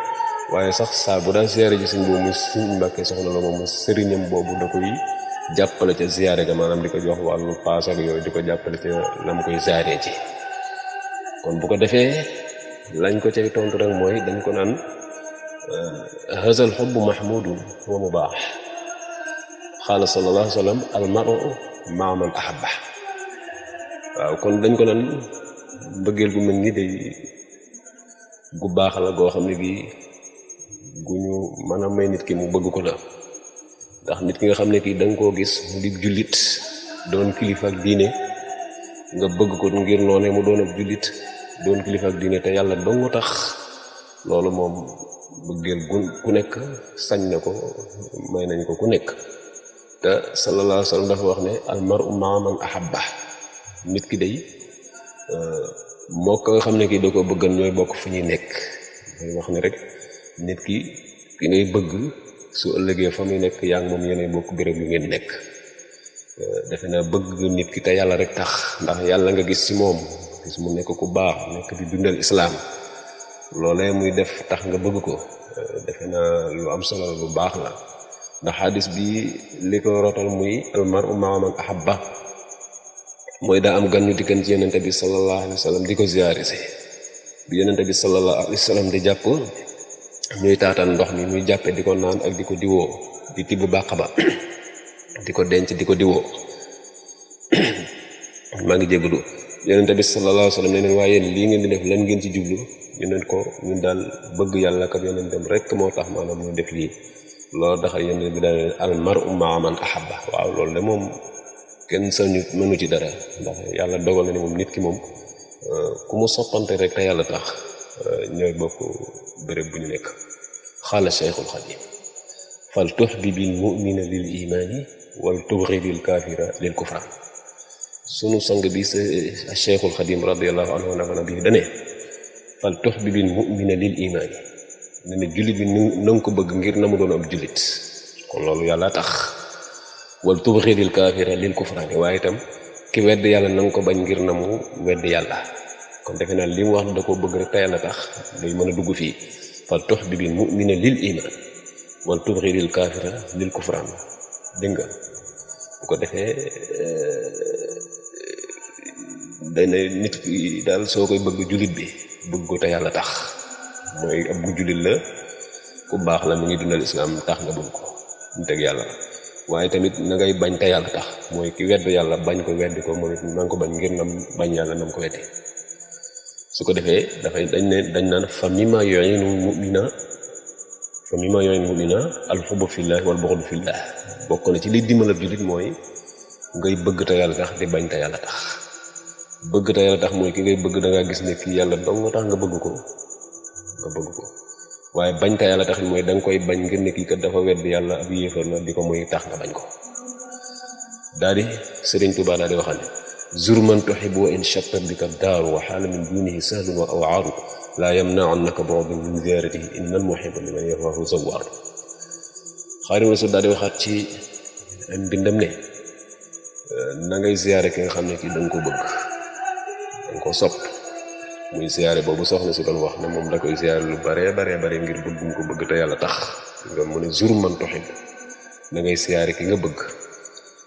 waaye sax saa bu daan ziare ji sëñ boobu muy sëñ Mbàkke soxna la moom sëriñam boobu da koy jàppale ca ziare ga maanaam di ko jox wàllu paas ak yooyu di ko jàppale ca la mu koy ziare ci kon bu ko defee lañ ko cay tontu rek mooy dañ ko naan euh, hazal xubbu mahmudun wa mu baax xaala sallallahu alayhi wa sallam al maru maa man ahabba waaw kon dañ ko naan mbëggeel gu mel ni day gu baax la goo xam ne gii gu ñu mën a may nit ki mu bëgg ko la ndax nit ki nga xam ne kii da koo gis mu di jullit doon kilifa ak diine nga bëgg ko ngir noonee mu doon ab jullit doon kilifa ak diine te yàlla dong tax loolu moom bëggeel gu ku nekk sañ na ko may nañ ko ku nekk te sallallahu alayhi wa sallam dafa wax ne al mar'u ma'a ahabba nit ki day euh, moo ko nga xam ne kii da ko bëggan ñooy bokk fu ñuy nekk mooy wax ne rek nit ki ki ngay bëgg su ëllëgee fa muy nekk yaa ngi moom yeneen bokk béréb yu ngeen nekk euh, defe na bëgg nit ki te yàlla rek tax ndax yàlla nga gis ci moom gis mu nekk ku baax nekk di dundal islaam loolee muy def tax nga bëgg ko euh, defe na lu am solo bu baax la ndax xadis bi li ko rotal muy almar u maa man ahabba mooy daa am gan ñu dikkan ci yonente bi sallallahu alayhi wa sallam di ko ziyaare si bi yonente bi sallallahu alayhi wa di jàpp ñuy taataan ndox mi muy jàppe di ko naan ak di ko diwoo di tibb bàq ba di ko denc di ko diwoo maa ngi jégalu yonente bi sallallahu alayhi wa sallam ne leen waaye lii ngeen di def lan ngeen ci jublu ñu ne ko ñun daal bëgg yàlla ak yonentem rek moo tax maanaam ñu def lii loolu taxal yonente bi daal waaw loolu de moom kenn sañu mënu ci dara ndax yàlla dogal na ne moom nit ki moom euh, ku mu soppante rek te yàlla tax ñooy bokk béréb bu ñu nekk xaala cheikhul xadim fal tuxbibil mumina lil imaani wal tuxridil kaafira lil kufran sunu sang bi sa mumina lil imaani ne bi na nga ko bëgg ngir na mu doon ab yàlla tax wal tuxridil kaafira lil kufraani waaye itam ki wedd yàlla na ko bañ ngir na mu wedd yàlla kon defe naan li mu wax ne da koo bëgg rek tayal la tax day mën a dugg fii fal tuhbibil mu'mina lil iman wal tubxiril kaafira lil kufraan dégg nga bu ko defee eh, dana nit ki daal soo koy bëgg jullit bi bëgg ko te yàlla tax mooy ab bu jullit la ku baax la mu ngi dundal islaam tax nga bëgg ko ñu teg yàlla la waaye tamit na ngay bañ te yàlla tax mooy ki wedd yàlla bañ ko weddi ko moom it na nga ko bañ ngir nam bañ yàlla nam ko weddi su ko defee dafay dañ ne dañ naan fa mimma yu'inu mu'mina fa mimma yu'inu mu'mina alxubu fillaah wal buxdu fillaah bokk na ci liy dimbalab jullit mooy ngay bëgg te yàlla tax di bañ te yàlla tax bëgg te yàlla tax mooy ki ngay bëgg da ngaa gis ne kii yàlla dong tax nga bëgg ko nga bëgg ko waaye bañ te yàlla tax mooy da koy bañ ngir ne kii kat dafa wedd yàlla ab yéefar la di ko mooy tax nga bañ ko daal di Sëriñ Tuubaa daal di waxal zur man tuxibu wa in chattat bika daaru wa xaala min dunihi sahlun wa awaaru laa yamnaannaka boobu min ziyaaratihi inna al muxiba liman yaraahu zawaaru xaarim rasul daal di waxaat ne na ngay ziyaare ki nga xam ne kii da nga ko bëgg da nga ko sopp muy ziyaare boobu soxna si doon wax ne moom da koy ziyaare lu baree baree bare ngir bëgg ko bëgg te yàlla tax nga mu ne zur man tuxib da ki nga bëgg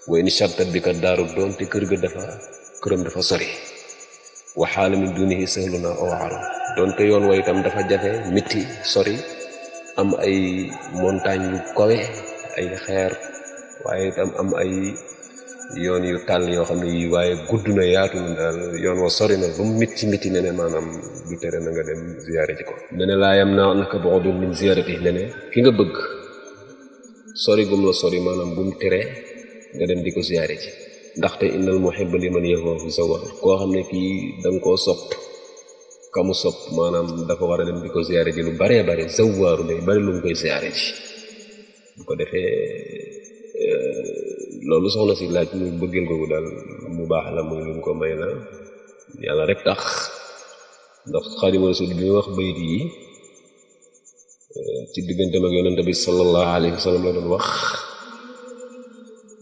wa in shattat bi ka daaru doonte kër ga dafa këram dafa sori waxaala min dunihi sahluna aw aaru doonte yoon wa itam dafa jafe métti sori am ay montagne yu kawe ay xeer waaye itam am ay yoon yu tàll yoo xam ne yi waaye gudd na yaatu na daal yoon waa sori na lu mu métti métti ne ne maanaam du tere na nga dem ziyaare ko ne ne laa yam naa naka boxo dum min ziyaarati ne ne ki nga bëgg sori gum la sori maanaam bu mu tere nga dem di ko siyaare ci ndaxte innal muhibba liman yahwahu sawar koo xam ne kii da nga koo sopp kamu sopp maanaam dafa war a dem di ko siyaare ji lu baree bare zawaaru day bari lu mu koy siyaare ji bu ko defee euh, loolu soxna si laaj mu bëggeel googu daal mu baax la muy lu mu ko may na yàlla rek tax ndax Xaadimu Rasuul bi wax bayit yi euh, ci digganteem ak yonente bi sallallahu alayhi wa la doon wax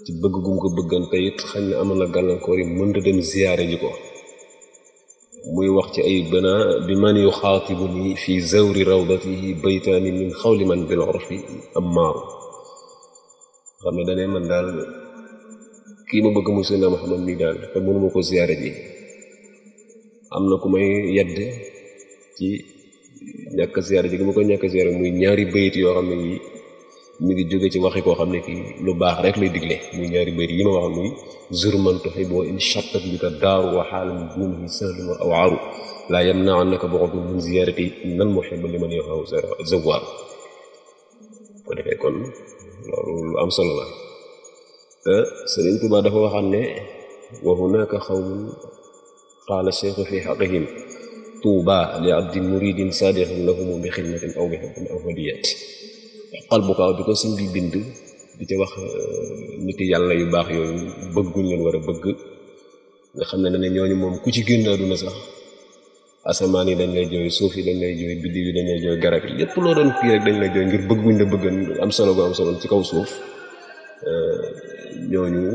ci bëgg gum ko bëggan te it xañ na amoon na gàllankoor yi mënta dem ziyaare ji ko muy wax ci ay bana bi man yu yuxaatibu ni fi zawri rawdatihi baytaani min xawli man bil urfi am maaru xam ne danee man daal kii ma bëgg muy Seydina Muhammad nii daal te ko ziyaare ji am na ku may yedd ci ñàkk ziyaare ji gi ma ko ñàkk ziyaare muy ñaari bayit yoo xam ne yii mu ngi jóge ci waxi koo xam ne kii lu baax rek lay digle muy ñaari mbir yi ma wax muy zurmantu xiboo in chattat bi ka daaru wa xaalam dunhi sahlun wa awaaru laa yam sa zawaaru defee kon lu am solo la te dafa waxaat ne wa hunaka xawmun qaala cheikhu fi xaqihim tuuba li abdi muridin saadixin lahum bi xidmatin aw bi xaqin aw hadiyat xol bu bi ko sëñ bi bind di ci wax euh, niti yàlla yu baax yooyu bëgguñ leen war a bëgg nga xam ne ne ñooñu moom ku ci génn àdduna sax asamaan yi dañ lay jooy suuf yi dañ lay jooy biddiw yi dañ lay jooy garab yi lépp loo doon kii rek dañ lay jooy ngir bëgguñ la bëggan am solo gu am solo ci kaw suuf euh, ñooñu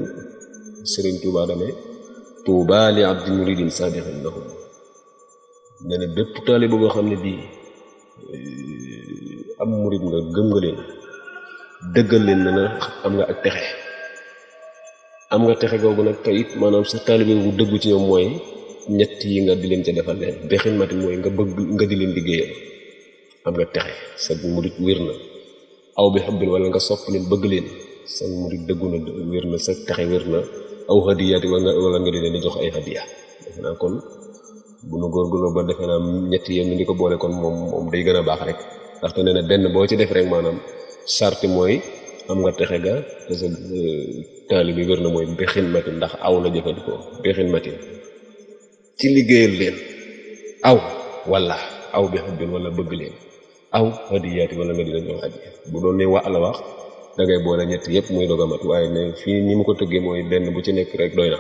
sëriñ Touba dane Touba li abdi muridin saadiqin lahum ne ne bépp taalibu boo xam ne bii am murit nga gëm nga leen dëggal leen na na am nga ak texe am nga texe googu nag te it maanaam sa taalibe bu dëggu ci ñoom mooy ñett yi nga di leen ca defal leen bexin mati mooy nga bëgg nga di leen liggéeyal am nga texe sa murit wér na aw bi xam xabbil wala nga sopp leen bëgg leen sa murit dëggu na wér na sa texe wér na aw hadiyaati wala wala nga di leen di jox ay hadiya defe naa kon bu nu góorgóorloo ba defe naa ñett yi ñu di ko boole kon moom moom day gën a baax rek ndaxte nee na benn boo ci def rek maanaam sarti mooy am nga texe ga te sa bi wér na mooy bexin matin ndax aw la jëfandikoo bexin matin ci liggéeyal leen aw wala aw bi xubbin wala bëgg leen aw hadiyaati wala nga di leen jox bu doon ne wa la wax da ngay boole ñett yëpp muy doog a waaye fii ni mu ko tëggee mooy benn bu ci nekk rek doy na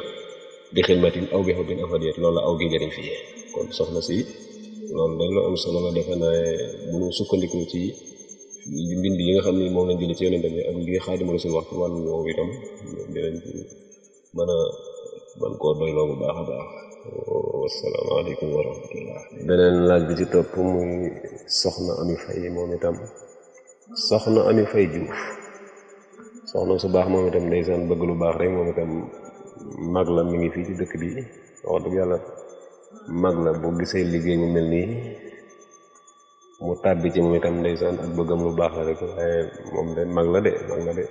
bexin matin aw bi xubbin aw hadiyaati loolu la aw gi njëriñ fii kon soxna si loolu rek am solo la defe naa bu sukkandiku ci mbind yi nga xam ni moom lañ jëlee ci yonente bi ak li Xaadimu Rasuul wax ci wàllu woowu itam dinañ ci koo doyloo bu baax a baax wasalaamaaleykum wa rahmatullah beneen laaj bi ci topp muy soxna ami fay moom itam soxna ami fay juuf soxna su baax moom itam ndeysaan bëgg lu baax rek moom itam mag la mi ngi fii ci dëkk bi wax dëgg yàlla mag la boo gisee liggéey ñu mel nii mu tàbbi ci moom itam ndeysaan ak bëggam lu baax la rek waaye moom de mag la de mag la de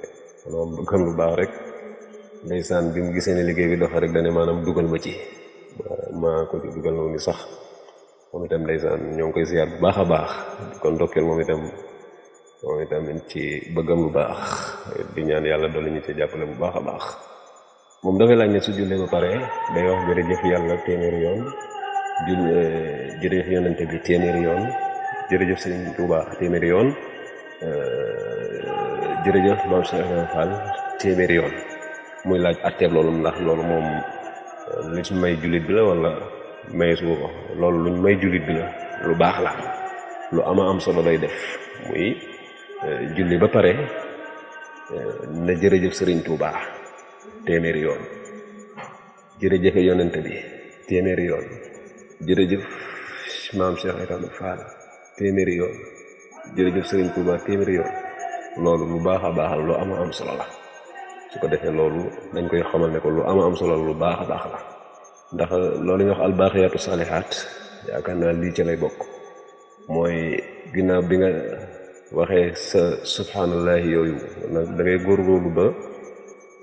moom bëggam lu baax rek ndeysaan bi mu gisee ne liggéey bi doxa rek dane maanaam dugal ma ci maa ko ci dugal noonu sax moom itam ndeysaan ñoo ngi koy ziar bu baax a baax kon ndokkeel moom itam moom itam ci bëggam lu baax di ñaan yàlla dolli ñu ci jàppale bu baax a baax moom dafay laaj ne su jullee ba pare day wax jërëjëf yàlla téeméeri yoon jul eh, jërëjëf yonente bi téeméeri yoon jërëjëf Sëriñ Tuuba téeméeri yoon eh, jërëjëf maam Cheikh Fall téeméeri yoon muy laaj atteeb loolu ndax loolu moom eh, li may jullit bi wala may loolu luñ may jullit bi lu baax la lu ama am solo lay def muy julli ba pare na jërëjëf Sëriñ Tuuba téeméeri yoon jërëjëfe yonente bi téeméeri yoon jërëjëf maam Cheikh Ibrahima Fall téeméeri yoon jërëjëf Serigne Touba téeméeri yoon loolu lu baax a baax la lu ama am solo la ko defee loolu dañ koy xamal ne lu ama am solo lu baax a baax la ndax loolu ñuy wax albaaxiyaatu saalihaat yaakaar naa lii ci lay bokk mooy ginnaaw bi nga waxee sa subhaanallahi yooyu nag da ngay góorgóorlu ba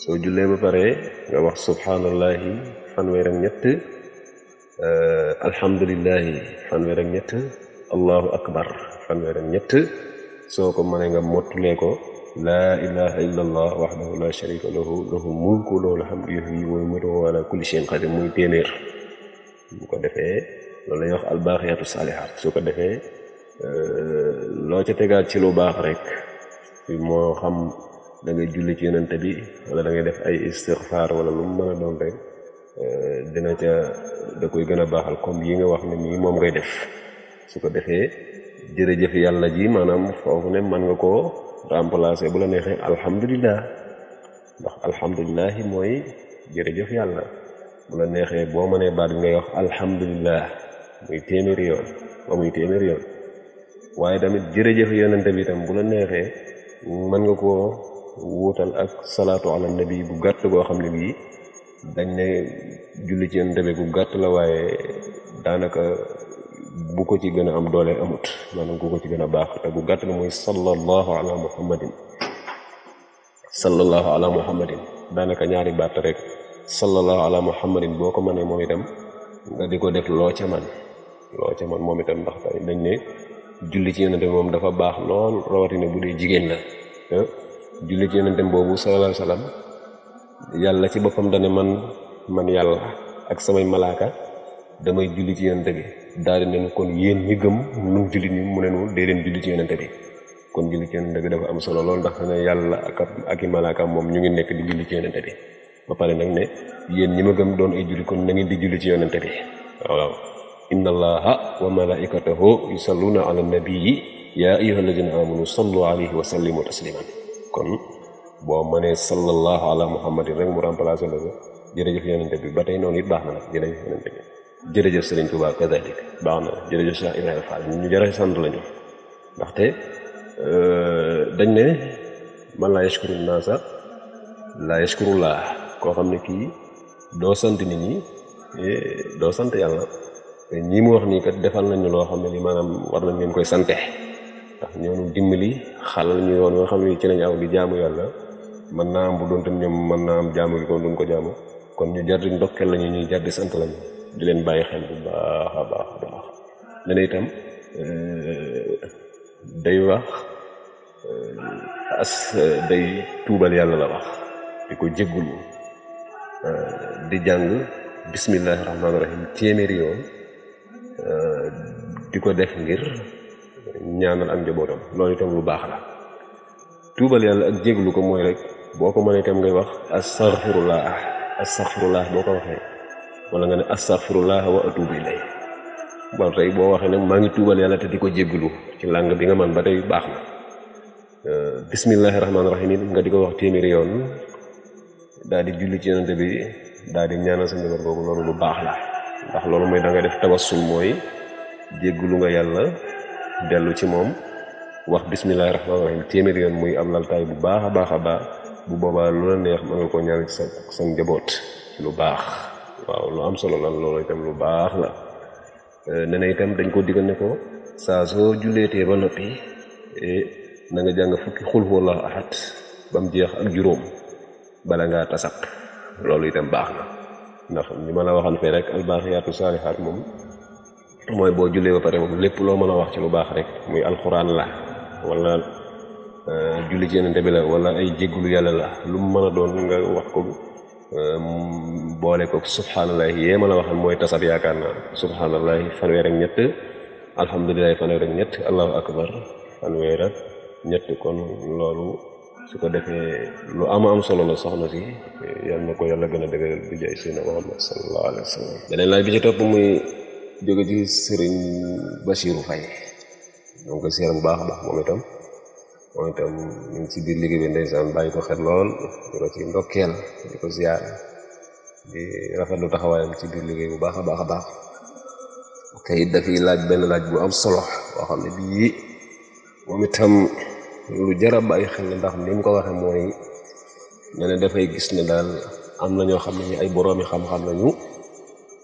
soo jullee mu pare nga wax subhaanallahi fanweer ak ñett Euh, alhamdulilahi fanweer ak ñett allahu akbar fanweer ak ñett soo ko mënee nga mottulee ko laa ilaha illa allah waxdahu la sharika lahu lahu mulku lahu alhamdu yuhyi wa yumiitu wa ala kulli shay'in qadir muy téeméer bu ko defee loolu la ñuy wax albaaqiyaatu saalihaat soo ko defee euh, loo ca tegaat ci lu baax rek moo xam dangay ngay julli ci yonente bi wala da ngay def ay istixfaar wala lu mu mën a doon rek euh, dina ca da koy gën a baaxal comme yi nga wax ne nii moom ngay def su ko defee jërëjëf yàlla ji maanaam foofu ne mën nga koo remplacer bu la neexee alhamdulilah ndax alhamdulilah mooy jërëjëf yàlla la neexee boo mënee baat bi ngay wax alhamdulilah muy téeméeri yoon ba muy téeméeri yoon waaye tamit jërëjëf yonente bi itam bu la neexee mën nga koo wuutal ak salaatu ala nabi bu gàtt goo xam ne bii dañ ne julli ci yonent bi gu gàtt la waaye daanaka bu ko ci gën a am doole amut maanaam ku ko ci gën a baax te gu gàtt la mooy sallallahu ala muhammadin sallallahu ala muhammadin daanaka ñaari baat rek sallallahu ala muhammadin boo ko mënee moom itam nga di ko def loo ca man loo ca man moom itam ndax dañ ne julli ci yonent bi moom dafa baax lool rawatina bu dee jigéen la ah. julli ci yonent boobu sallallahu alayhi yàlla ci boppam dane man man yàlla ak samay malaaka damay julli ci bi daal di leen kon yéen ñi gëm nun julli ñi mu ne nu dee leen julli ci yonente bi kon julli ci yonente bi am solo loolu ndax ne yàlla ak ak i moom ñu ngi nekk di julli ci ba pare nag ne yéen ñi ma gëm doon ay julli kon na ngeen di julli ci yonente bi waaw inna allaha wa malaikatahu yusalluna ala nabiyyi ya ayyuha alladina amanu sallu alayhi wa sallimu tasliman kon boo mënee sallallahu ala muhammadin rek mu remplacé la ko jërëjëf yonente bi ba tey noonu it baax na nag jërëjëf yonente bi jërëjëf Sëriñ Tuubaa kadalik baax na jërëjëf Cheikh Ibrahima Fall ñu jërë sant lañu ndaxte euh, dañ ne man laa yashkuru naasa laa yashkurullaa koo xam ne kii doo sant nit ñi eh, doo sant yàlla te ñii mu wax nii kat defal nañu loo xam ne li maanaam war nañ leen koy sante ndax ñoonu dimbali xalal ñu yoon nga xam ne ci lañ aw di jaamu yàlla mën naa am bu mën naa am jaamu gi kon duñ ko jaamu kon ñu jar di ndokkeel lañu ñuy jar di sant lañu di leen bàyyi xel bu baax a baax a baax nee itam eh, day wax eh, as eh, day tuubal yàlla la wax di ko jéggulu di jàng bismillahi rahmaani rahim téeméeri yoon di ko def ngir ñaanal ak njabootam loolu itam lu baax la tuubal yàlla ak jégglu ko mooy rek boo ko mënee itam ngay wax astaghfirullah astaghfirullah boo ko waxee wala nga ne astaghfirullah wa atubu ilay tey boo waxee ne maa ngi tuubal yàlla te di ko jéggalu ci làng bi nga man ba tey baax na euh, bismillahi rahmaani nga di ko wax téeméeri yoon daal di julli ci bi daal di ñaanal sa njaboot googu loolu lu baax la ndax loolu mooy da nga def tawassul mooy jéggalu nga yàlla dellu ci moom wax bismillahi rahmaani rahim téeméeri yoon muy ab laltaay bu baax a baax a baax bu boobaa lu la neex mën nga koo ñaan sa sa njaboot lu baax waaw lu am solo la loolu itam lu baax la eh, ne na itam dañ koo digal ne ko saa soo julleetee ba noppi eh, na nga jàng fukki xul wallaahu ahad ba mu jeex ak juróom bala ngaa tasak loolu itam baax na ndax li ma la waxal fee rek albaaxiyaatu saalihaat moom mooy boo jullee ba pare moom lépp loo mën a wax ci lu baax rek muy alxuraan la wala Euh, julli ci yonente bi la ay jéggulu yàlla la lu mu mën a doon nga wax ko euh, boole ko subhaanallahi yée ma la waxal mooy tasab yaakaar naa subhaanallahi fanweer ak ñett alhamdulilahi fanweer ak ñett allahu akbar fanweer ak ñett kon loolu su ko defee lu ama am solo la soxna si yal na ko yàlla gën a dëgëral bi jaay sayyidina Muhammad sallallahu alayhi wa sallam bi ci topp muy jóge ci sëriñ Basiiru Fay donc bu baax a baax moom itam moom itam ñu ngi ci biir liggéey bi ndeysaan bàyyi ko xel lool di ci ndokkeel di rafet lu di rafetlu taxawaayam ci biir liggéey bu baax a baax a baax kay dafiy laaj benn laaj bu am solo boo xam ne bii moom itam lu jar a bàyyi xel ndax ni mu ko waxe mooy ne ne dafay gis ne daal am na ñoo xam ne ñu ay boroomi xam-xam lañu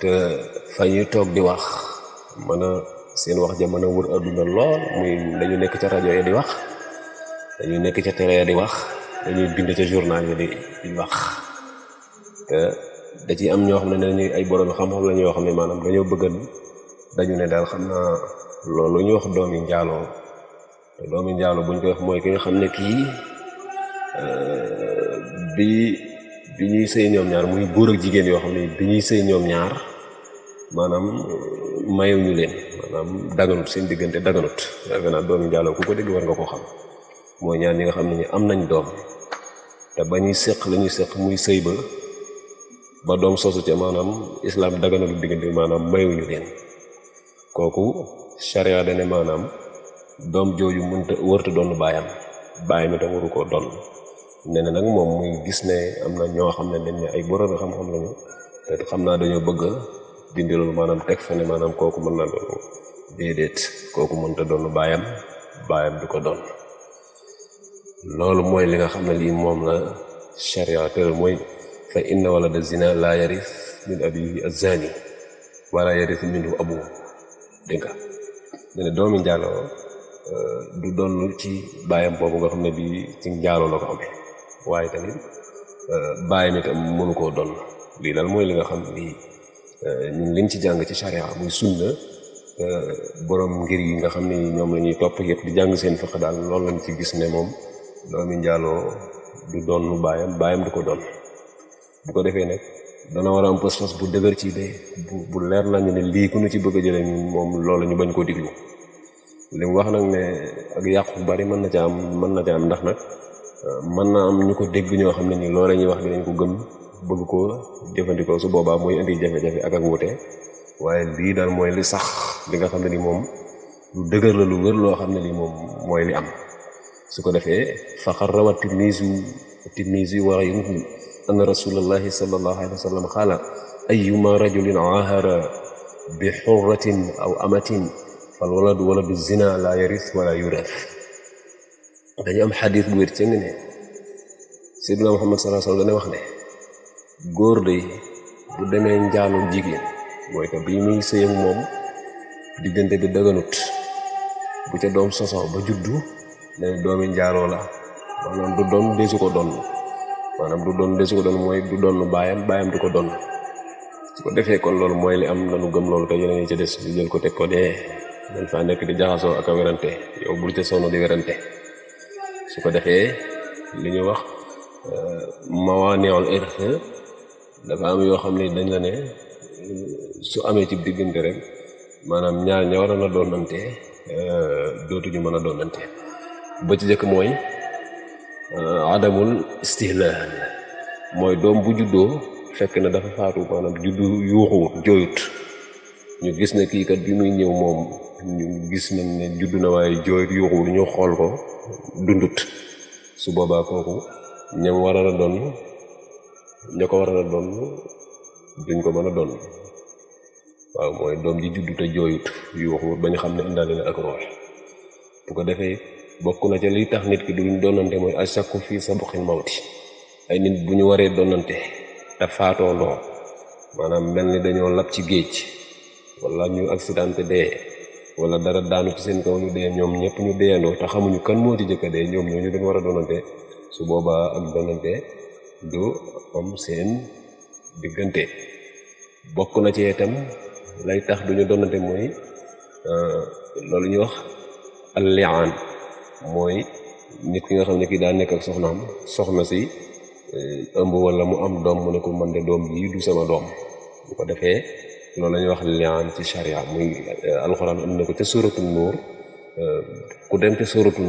te fa ñuy toog di wax mën a seen wax ja mën a wër adduna lool muy dañu nekk ca rajo yi di wax. dañuy nekk ca télé di wax dañuy bind ca journal yi di di wax te da ci am ñoo xam ne dañuy ay borom xam-xam la xam ne maanaam dañoo bëgg dañu ne daal xam naa loolu ñu wax doomi njaaloo te doomi njaaloo buñ koy wax mooy ki xam ne kii eh, bi bi ñuy sëy ñaar muy góor jigéen yoo xam ne bi ñuy sëy ñoom maanaam mayu ñu leen daganut seen diggante daganut yaakaar naa doomi njaaloo ku ko dégg war nga koo xam mooy ñaan ñi nga xam ne ni am nañ doom te ba ñuy séq la ñuy séq muy sëy ba ba doom soosu ca maanaam islaam daganalu diggante maanaam mayuñu leen kooku charia dane maanaam doom jooju mënta wërta doon baayam baayam itam waru koo doon nee nag moom gis ne am na ñoo xam ne dañ ne ay borom xam-xam lañu te xam naa dañoo bëgg dindi loolu maanaam teg fa ne kooku mën na kooku mënta doon baayam baayam du ko doon loolu mooy li nga xam ne lii moom la sharia tëral mooy fa inna walada zina laa yaris min abihi azani wala yaris minhu abuhu dégg nga ne ne doomi njaaloo euh, du doon ci baayam boobu nga xam ne bii ci njaaloo la ko amee waaye tamit euh, baayam itam mënu koo doon lii daal mooy li nga xam lii euh, ñun liñ ci jàng ci sharia muy sunna borom ngir yi nga xam ne ñoom la ñuy topp yëpp di jàng seen fiq daal loolu lañu ci gis ne moom doomi njaaloo du doon lu baayam baayam du ko doon bu ko defee nag dana war a am pas-pas bu dëgër ci de bu bu leer nañu ne lii ku ñu ci bëgg a jëlee moom loolu ñu bañ koo diglu li mu wax nag ne ak yàqu bu bari mën na ca am mën na ca ndax nag euh, mën na am ñu ko dégg ñoo xam ne ni loola ñuy wax dinañ ko gëm bëgg koo jëfandikoo su boobaa mooy indi jafe-jafe ak ak wuute waaye lii daal mooy li sax li nga xam ne ni moom lu dëgër la lu wër loo xam ne ni moom mooy li am su ko defee faqad rawa tirmisu tirmisu wa ghayruhu anna rasulallahi sallallahu alayhi wa sallam qaala ayyuma rajulin aahara bi xurratin aw amatin fal waladu waladu zina laa yaris wala yurath dañu am xadis bu wér cëng ne seydina muhammad sallallahu alayhi dana wax ne góor day bu demee njaaloo jigéen mooy que bi muy sëy ak moom diggante bi daganut bu ca doom soso ba juddu ne doomi njaaroo la maanaam du doon desu ko doon maanaam du doon desu ko doon mooy du doon baayam baayam du ko doon su ko defee kon loolu mooy li am na nanu gëm loolu te yeneen yi ci des ñu jël ko teg ko dee dañ di jaxasoo ak a werante yow bul te sonn di werante su ko defee li ñu wax euh, mawaaneewul irx dafa am yoo xam ne dañ la ne su amee ci diggante rek maanaam ñaar ña waroon a doonante euh, dootuñu mën a doonante ba ci jëkk mooy euh, adamul istihlaan mooy doom bu juddoo fekk na dafa faatu maanaam juddu yuuxuwut jooyut ñu gis ne kii kat bi muy ñëw moom ñu gis nañ ne juddu na waaye jooyut yuuxuwut ñu xool ko dundut su boobaa kooku ñam war a ko war a ko mën a doon waaw mooy doom ji ba ñu xam ne indaale na ak rool bu ko defee bokk na ca liy tax nit ki duñ donante mooy asakku fii sabuqil mawti ay nit bu ñu waree donante te faatoo loo maanaam mel ni dañoo lab ci géej wala ñu accidenté dee wala dara daanu ci seen kaw ñu dee ñoom ñëpp ñu deyandoo te xamuñu kan moo ci jëkk a dee ñoom ñu dañu war a donante su boobaa ak donante du am seen diggante bokk na ci itam lay tax duñu donante mooy euh, loolu ñuy wax al mooy nit ki nga xam ne kii daa nekk ak soxnaam soxna si eh, ëmb wala mu am doom mu ne ko man de doom bii du sama doom bu ko defee loolu la ñuy wax liaan ci charia muy eh, alxuraan am na ko ca suratul nuur eh, ku dem ca suratul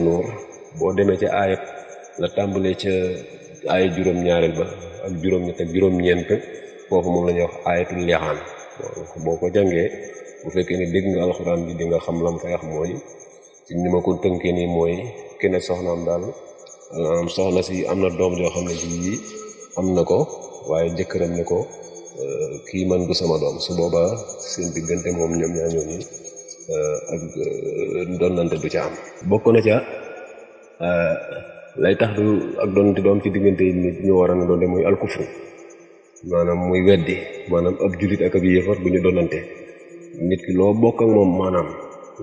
boo demee ca aayat la tàmbalee ca aaya juróom-ñaareel ba ak juróom-ñett ak juróom-ñeent foofu moom la ñuy wax aayatul liaan boo ko jàngee bu fekkee ne dégg nga alxuraan bi di nga xam lam fa wax mooy ci ni ma ko tënkee nii mooy kenn soxnaam daal soxna si am na doom yoo xam ne ji am na ko waaye jëkkëram ne ko euh, kii man du sama doom su boobaa seen diggante moom ñoom ñaa ñoo nii euh, ak euh, donnante du ca am. bokk na ca lay tax du ak donnante doom ci diggante yi nit ñu war a doon de muy alkufru maanaam muy weddi maanaam ab jullit ak ab yéefar bu ñu donnante nit ki loo bokk moom maanaam.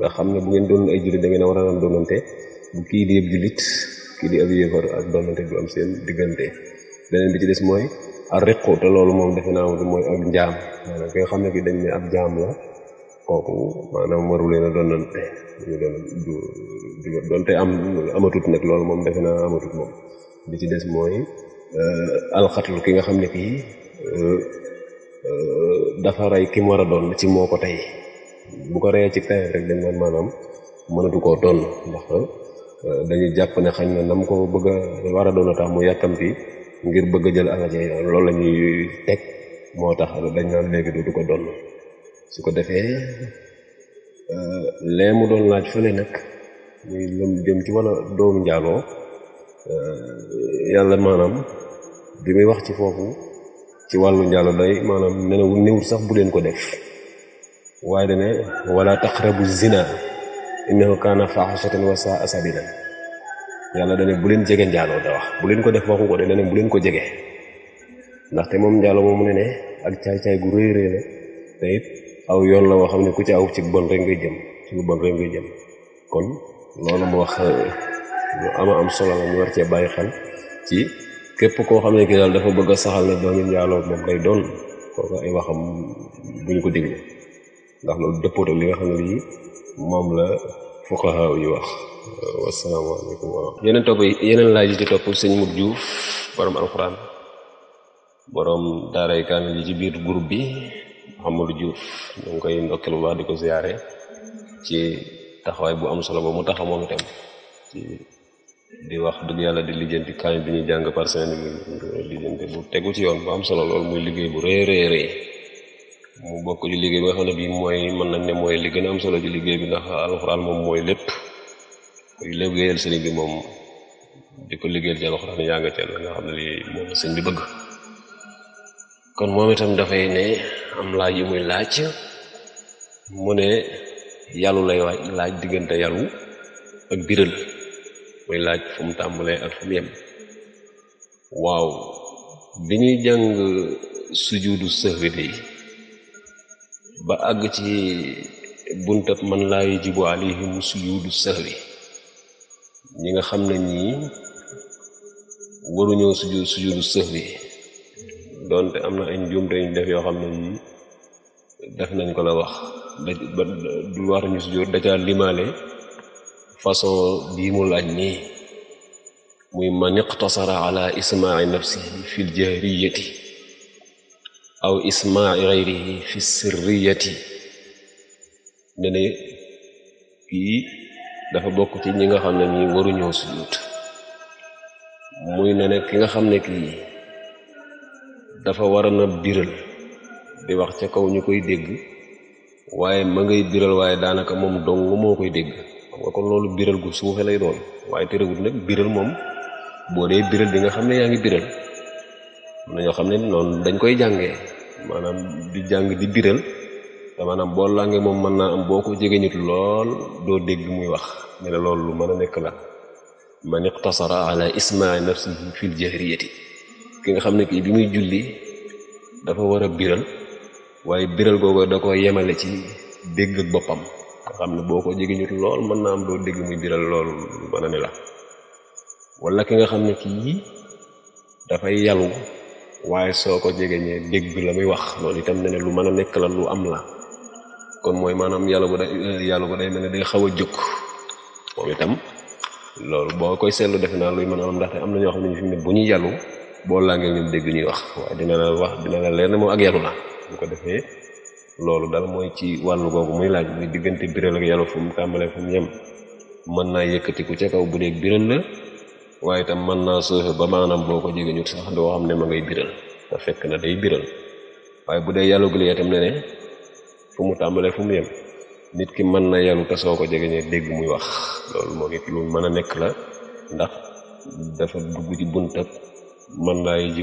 nga xam ne bu ngeen doon ay jullit dangeen a war a am doonante bu kii di yëpp jullit kii di ab yéefar ak doonante du am seen diggante beneen bi ci des mooy ak loolu moom defe naa moom mooy ak njaam maanaam ki nga xam ne ki dañ ab jaam la kooku maanaam waru leen a doonante ñu doon du am amatut nag loolu moom defe naa amatut ci des mooy euh, ki nga xam ne kii euh, euh, dafa rey ki mu war a doon ci moo ko tey bu ko reyee ci tey rek dañ naan maanaam mënatu koo doon ndax ah, dañuy jàpp ne xañ na nam ko bëgg war a doon a tax mu yàkkamti ngir bëgg a jël alal ah, loolu lañuy ñuy teg moo tax dañ naan léegi du ko doon su ko defee ah, lee mu doon laaj fële nag muy lëm jëm ci wala doomu njaaloo yàlla maanaam bi muy wax ci foofu ci wàllu njaalo day maanaam nee na sax bu leen ko def waaye demee wala taqrabu zina innahu kaana faaxisatan wa saa sabila yàlla dane bu leen jege njaaloo da wax bu leen ko def waxu ko de ne bu leen ko jege ndaxte moom njaaloo moom ne ne ak caay gu rëy rëy yoon la woo xam ne ku ci aw ci bon rek ngay jëm ci lu bon jëm kon loolu mu wax lu ama am solo la ñu war cee bàyyi xel ci képp koo xam ne ki daal dafa bëgg a saxal ne doomi njaaloo moom lay doon kooku ay waxam buñ ko digg ndax loolu dëppootam li nga xam ne moom la fuqaha yi wax wasalaamaaleykum wa rahmatulah yeneen topp yeneen laaj yi ci topp sëñ Mut Juuf borom alxuraan borom daaray kaamil yi ci biir group bi Mouhamadou Diouf ñu ngi koy ndokkeel bu baax di ko ziyaare ci taxawaay bu am solo ba mu taxa moom itam di wax dëgg yàlla di lijjanti kaamil bi ñuy jàng par semaine bu tegu ci yoon bu am solo loolu muy liggéey bu rëy rëy rëy mu bokk ci liggéey bi nga xam ne bii mooy mën nañ ne mooy li gën a am solo ci liggéey bi ndax alxuraan moom mooy lépp kuy liggéeyal ko liggéeyal ci alxuraan yaa nga xam ne lii moom sëñ bi bëgg moom itam dafay ne laaj yu muy laaj mu ne yàllu lay laaj diggante yàllu ak biral muy laaj fu mu tàmbalee ak fu yem waaw bi ñuy jàng sujudu sahwi yi ba àgg ci buntab man laa yajibu alayhim sujudu sahwi ñi nga xam ne ñii waruñoo sujud sujudu sahwi doonte am na ay njuumte ñu def yoo xam ne yii def nañ ko la wax ba du war ñu sujud da caa limaale façon bii mu laaj nii muy man iqtasara ala ismaai nafsihi jahriyati aw ismaa gayrihi fi sirriyati ne ne kii dafa bokk ci ñi nga xam ne ñi waruñoo sujjóot muy ne ne ki nga xam ne kii dafa war na biral di wax ca kaw ñu koy dégg waaye ma ngay biral waaye daanaka moom dong moo koy dégg xam nga kon loolu biral gu suufe lay doon waaye terewut nag biral moom boo dee biral bi nga xam ne yaa ngi biral am na ñoo xam ne noonu dañ koy jàngee maanaam di jàng di biral te maanaam boo moom mën naa am boo ko jege nit lool doo dégg muy wax ñu ne loolu lu mën a nekk la man iqtasara ala ismaa nafsihi fil jahriyati ki nga xam ne kii bi muy julli dafa war a biral waaye biral googu da ko yemale ci dégg boppam nga xam ne boo ko jege lool mën naa am doo dégg biral loolu lu mën ne la wala ki nga xam ne kii dafay yalu waaye soo ko jegee jegeñee dégg la muy wax loolu itam ne ne lu mën a nekk la lu am la kon mooy maanaam yàlla bu day yàlla bu day mel ne day xaw a jóg moom itam loolu boo koy seetlu defe naa luy mën a am ndaxte am na xam ne ñu mu ne bu ñu yàllu boo làngee ñu dégg ñuy wax dina la wax dina la leer ne moom ak yàllu la bu ko defee loolu daal mooy ci wàllu googu muy laaj muy diggante biral ak yàllu fu mu tàmbalee fu mu mën naa yëkkatiku ca kaw bu dee biral la waaye tam mën naa sooxe ba maanaam boo ko jege ñu sax doo xam ne ma ngay biral te fekk na day biral waaye bu dee yàllu gile itam ne ne fu mu tàmbalee fu mu yem nit ki mën na yàllu soo ko jegeñee dégg muy wax loolu moo lu mën a nekk la ndax dafa dugg ci bunt ak mën naa yi ñi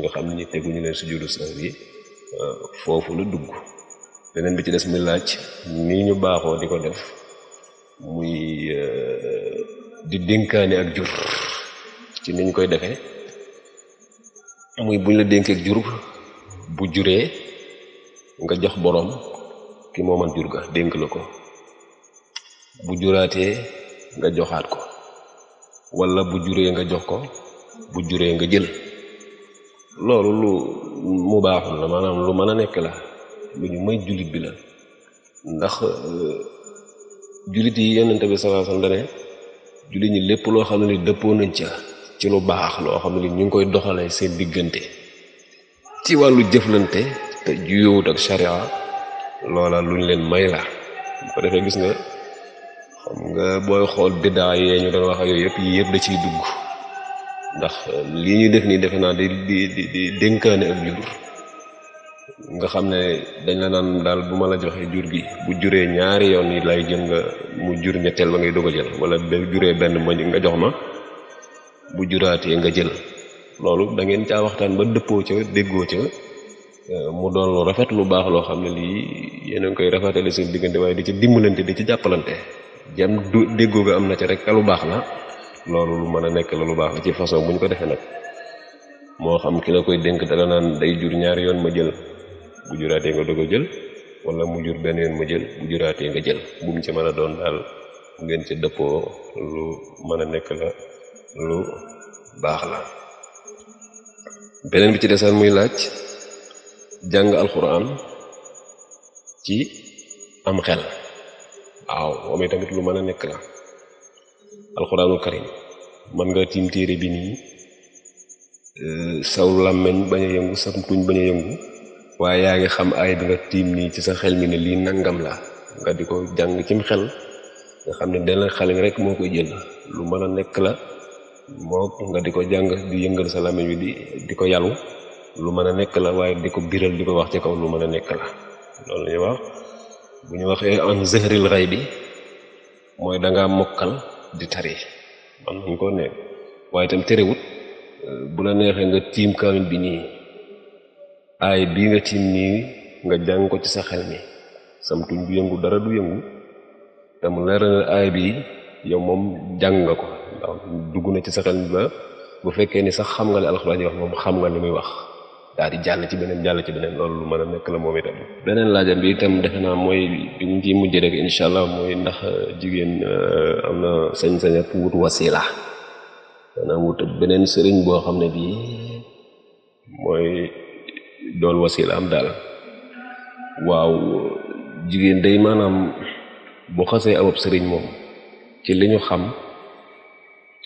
nga xam ne ñu teguñu leen sujudu sahwi euh, foofu la dugg beneen bi ci des mi laaj ni ñu baaxoo di ko def muy euh, di dénkaane ak jur ci niñ koy defee muy buñ la dénkee ak jur bu juree nga jox boroom ki mooman jur ga dénk la ko bu juraatee nga joxaat ko walla bu juree nga jox ko bu juree nga jël loolu lu mu baaxul la maanaam lu mën a nekk la lu ñu may jullit bi la ndax euh, jullit yi yonente bi sallallahu alayhi wasallam jullit ñi lépp loo xam ne ni dëppoo nañ ca ci lu baax loo xam ne ñu ngi koy doxalee seen diggante ci wàllu jëflante te juyowut ak sharia loola luñ leen may la bu ko defee gis nga xam nga booy xool biddaa yee ñu doon wax yooyu yëpp yii yëpp da ciy dugg ndax li ñuy def nii defe naa di di di dénkaane ak jur nga xam ne dañ la naan daal bu ma la joxee jur gi bu juree ñaari yoon yi lay jël nga mu jur ñetteel ba ngay doog a jël wala bu juree benn ma nga jox ma bu juraatee nga jël loolu da ngeen caa waxtaan ba dëppoo ca déggoo ca euh, mu doon lu rafet lu baax loo xam ne lii yéen a ngi koy rafetale seen diggante waaye di ci dimbalante di ci jàppalante jam du déggoo ga am na ca rek lu baax la loolu lu mën a nekk la lu baax la ci façon bu ñu ko defee nag moo xam ki la koy dénk dala naan day jur ñaari yoon ma jël bu juraatee nga doog jël wala mu jur benn yoon mu jël bu juraatee nga jël bu ci mën a doon daal ngeen ci dëppoo lu a nekk lu baax la beneen bi ci desaan muy laaj jàng alxuraan ci am xel waaw moom tamit lu mën a nekk la alxuraanu karim mën nga tiim téere bi nii euh, saw làmmeñ bañ a yëngu sa tuñ bañ a yëngu waaye yaa ngi xam ay bi nga tiim nii ci sa xel mi ne lii nangam la nga di ko jàng cim xel nga xam ne dana xale rek moo koy jël lu mën a nekk la moo nga di ko jàng di yëngal sa làmmiñ bi di di ko yàllu lu mën a nekk la waaye di ko biral di ko wax ci kaw lu mën a nekk la loolu la wax bu ñu waxee an zahril ray bi mooy da ngaa mokkal di tari man nañ ko nekk waaye itam terewut bu la neexee nga tiim kaamil bi nii aay bii nga tiim nii nga jàng ko ci sa xel mi samtuñ du yëngu dara du yëngu te mu leer na aay bi yow moom jàng nga ko ndax dugg na ci sa xel mi ba bu fekkee ni sax xam nga ne alxuraan yi wax moom xam nga li muy wax daal di jàll ci beneen jàll ci beneen loolu lu mën a nekk la moom itam beneen laajam bi itam defe naa mooy bi ñu ciy mujj rek incha allah mooy ndax jigéen euh, am na sañ-sañ ak wut wasila maanaam beneen sëriñ boo xam ne bii mooy doon wasila am daal waaw jigéen day maanaam bu xasee abab sëriñ moom ci li ñu xam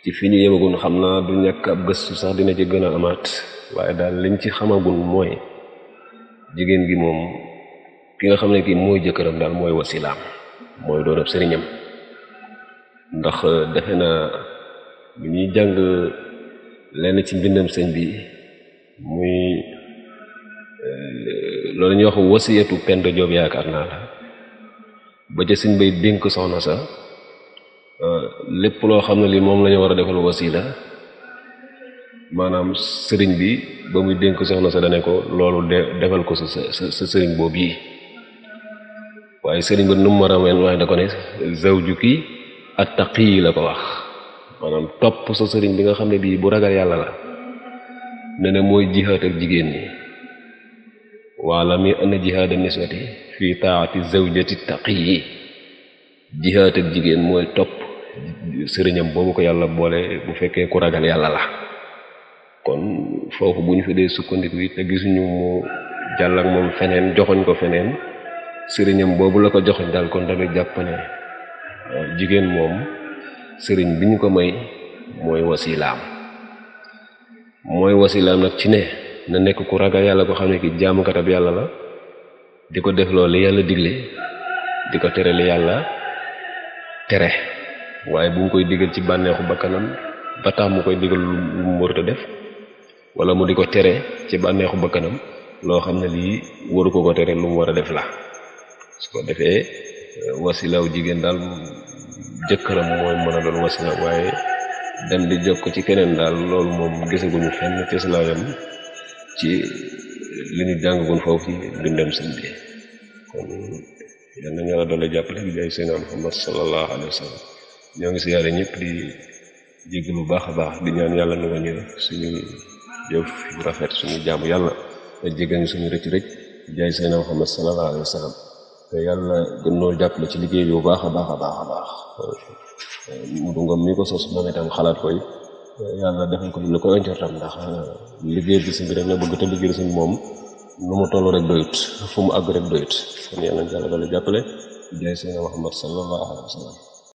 ci fi ñu yemagun xam naa du nekk ab gëstu sax dina ci gën amaat waaye daal liñ ci xamagun mooy jigéen gi moom ki nga xam ne kii mooy jëkkëram daal mooy wasilaam mooy doon ab sëriñam ndax defe na bu ñuy jàng lenn ci mbindam sëñ bi muy loolu ñuy wax wasiyatu Penda Joob yaakaar naa la ba ca sëñ bay dénk soxna sa euh, lépp loo xam ne li moom lañu war a defal wasila maanaam sëriñ bi ba muy dénk soxna sa dane ko loolu de defal ko sa sa sëriñ boobu yi waaye sëriñ bi nu mu ma rameen waaye da ko ne zawjuki attaqi la ko wax maanaam topp sa sëriñ bi nga xam ne bii bu ragal yàlla la ne mooy jihaat ak jigéen ñi waalami anna jihaada niswati fii taati zawjati taqiyi jihaat ak jigéen mooy topp sëriñam boobu ko yàlla boole bu fekkee ku ragal yàlla la kon foofu bu ñu fi dee sukkandiku te gisuñu mu jàll ak moom feneen joxoñ ko feneen sëriñam boobu la ko joxoñ daal kon dañuy jàpp ne euh, jigéen moom sëriñ bi ñu ko may mooy wasilaam mooy wasilaam nag ci ne na nekk ku ragal yàlla ko xam ne ki jaamukatab yàlla la di ko def loolu yàlla digle di ko tere li yàlla tere waaye bu mu koy digal ci bànneexu bakkanam ba tax mu koy digal lu mu a def wala mu di ko tere ci bànneexu bakkanam loo xam ne lii waru ko ko tere lu war a def la su ko defee wasilaaw jigéen daal jëkkëram mooy mën a doon wasilaaw waaye dem di jokk ci keneen daal loolu moom gisaguñu fenn teslaa yam ci li ñu jàngagoon foofu ci dundam sëñ bi kon yal nañu yàlla doole jàppale bi jaay Seydina Muhammad sallallahu alayhi ñoo ngi siyaare ñëpp di jégg bu baax a baax di yàlla nu wañu suñu jëf bu rafet suñu jaamu yàlla a jéggal suñu rëcc rëcc jaay Seydina Muhammad sallallahu alayhi wa sallam te yàlla gën noo jàppale ci liggéey bi bu baax a baax a baax a baax mu dungam mi ko sos moom itam xalaat koy yàlla defal ko lu koy njortam ndax euh, liggéey bi si bi rek la bëgg te liggéey suñ moom lu mu toll rek doyut fu mu àgg rek doyut kon yàlla na yàlla doole jàppale jaay Seydina Muhammad sallallahu alayhi wa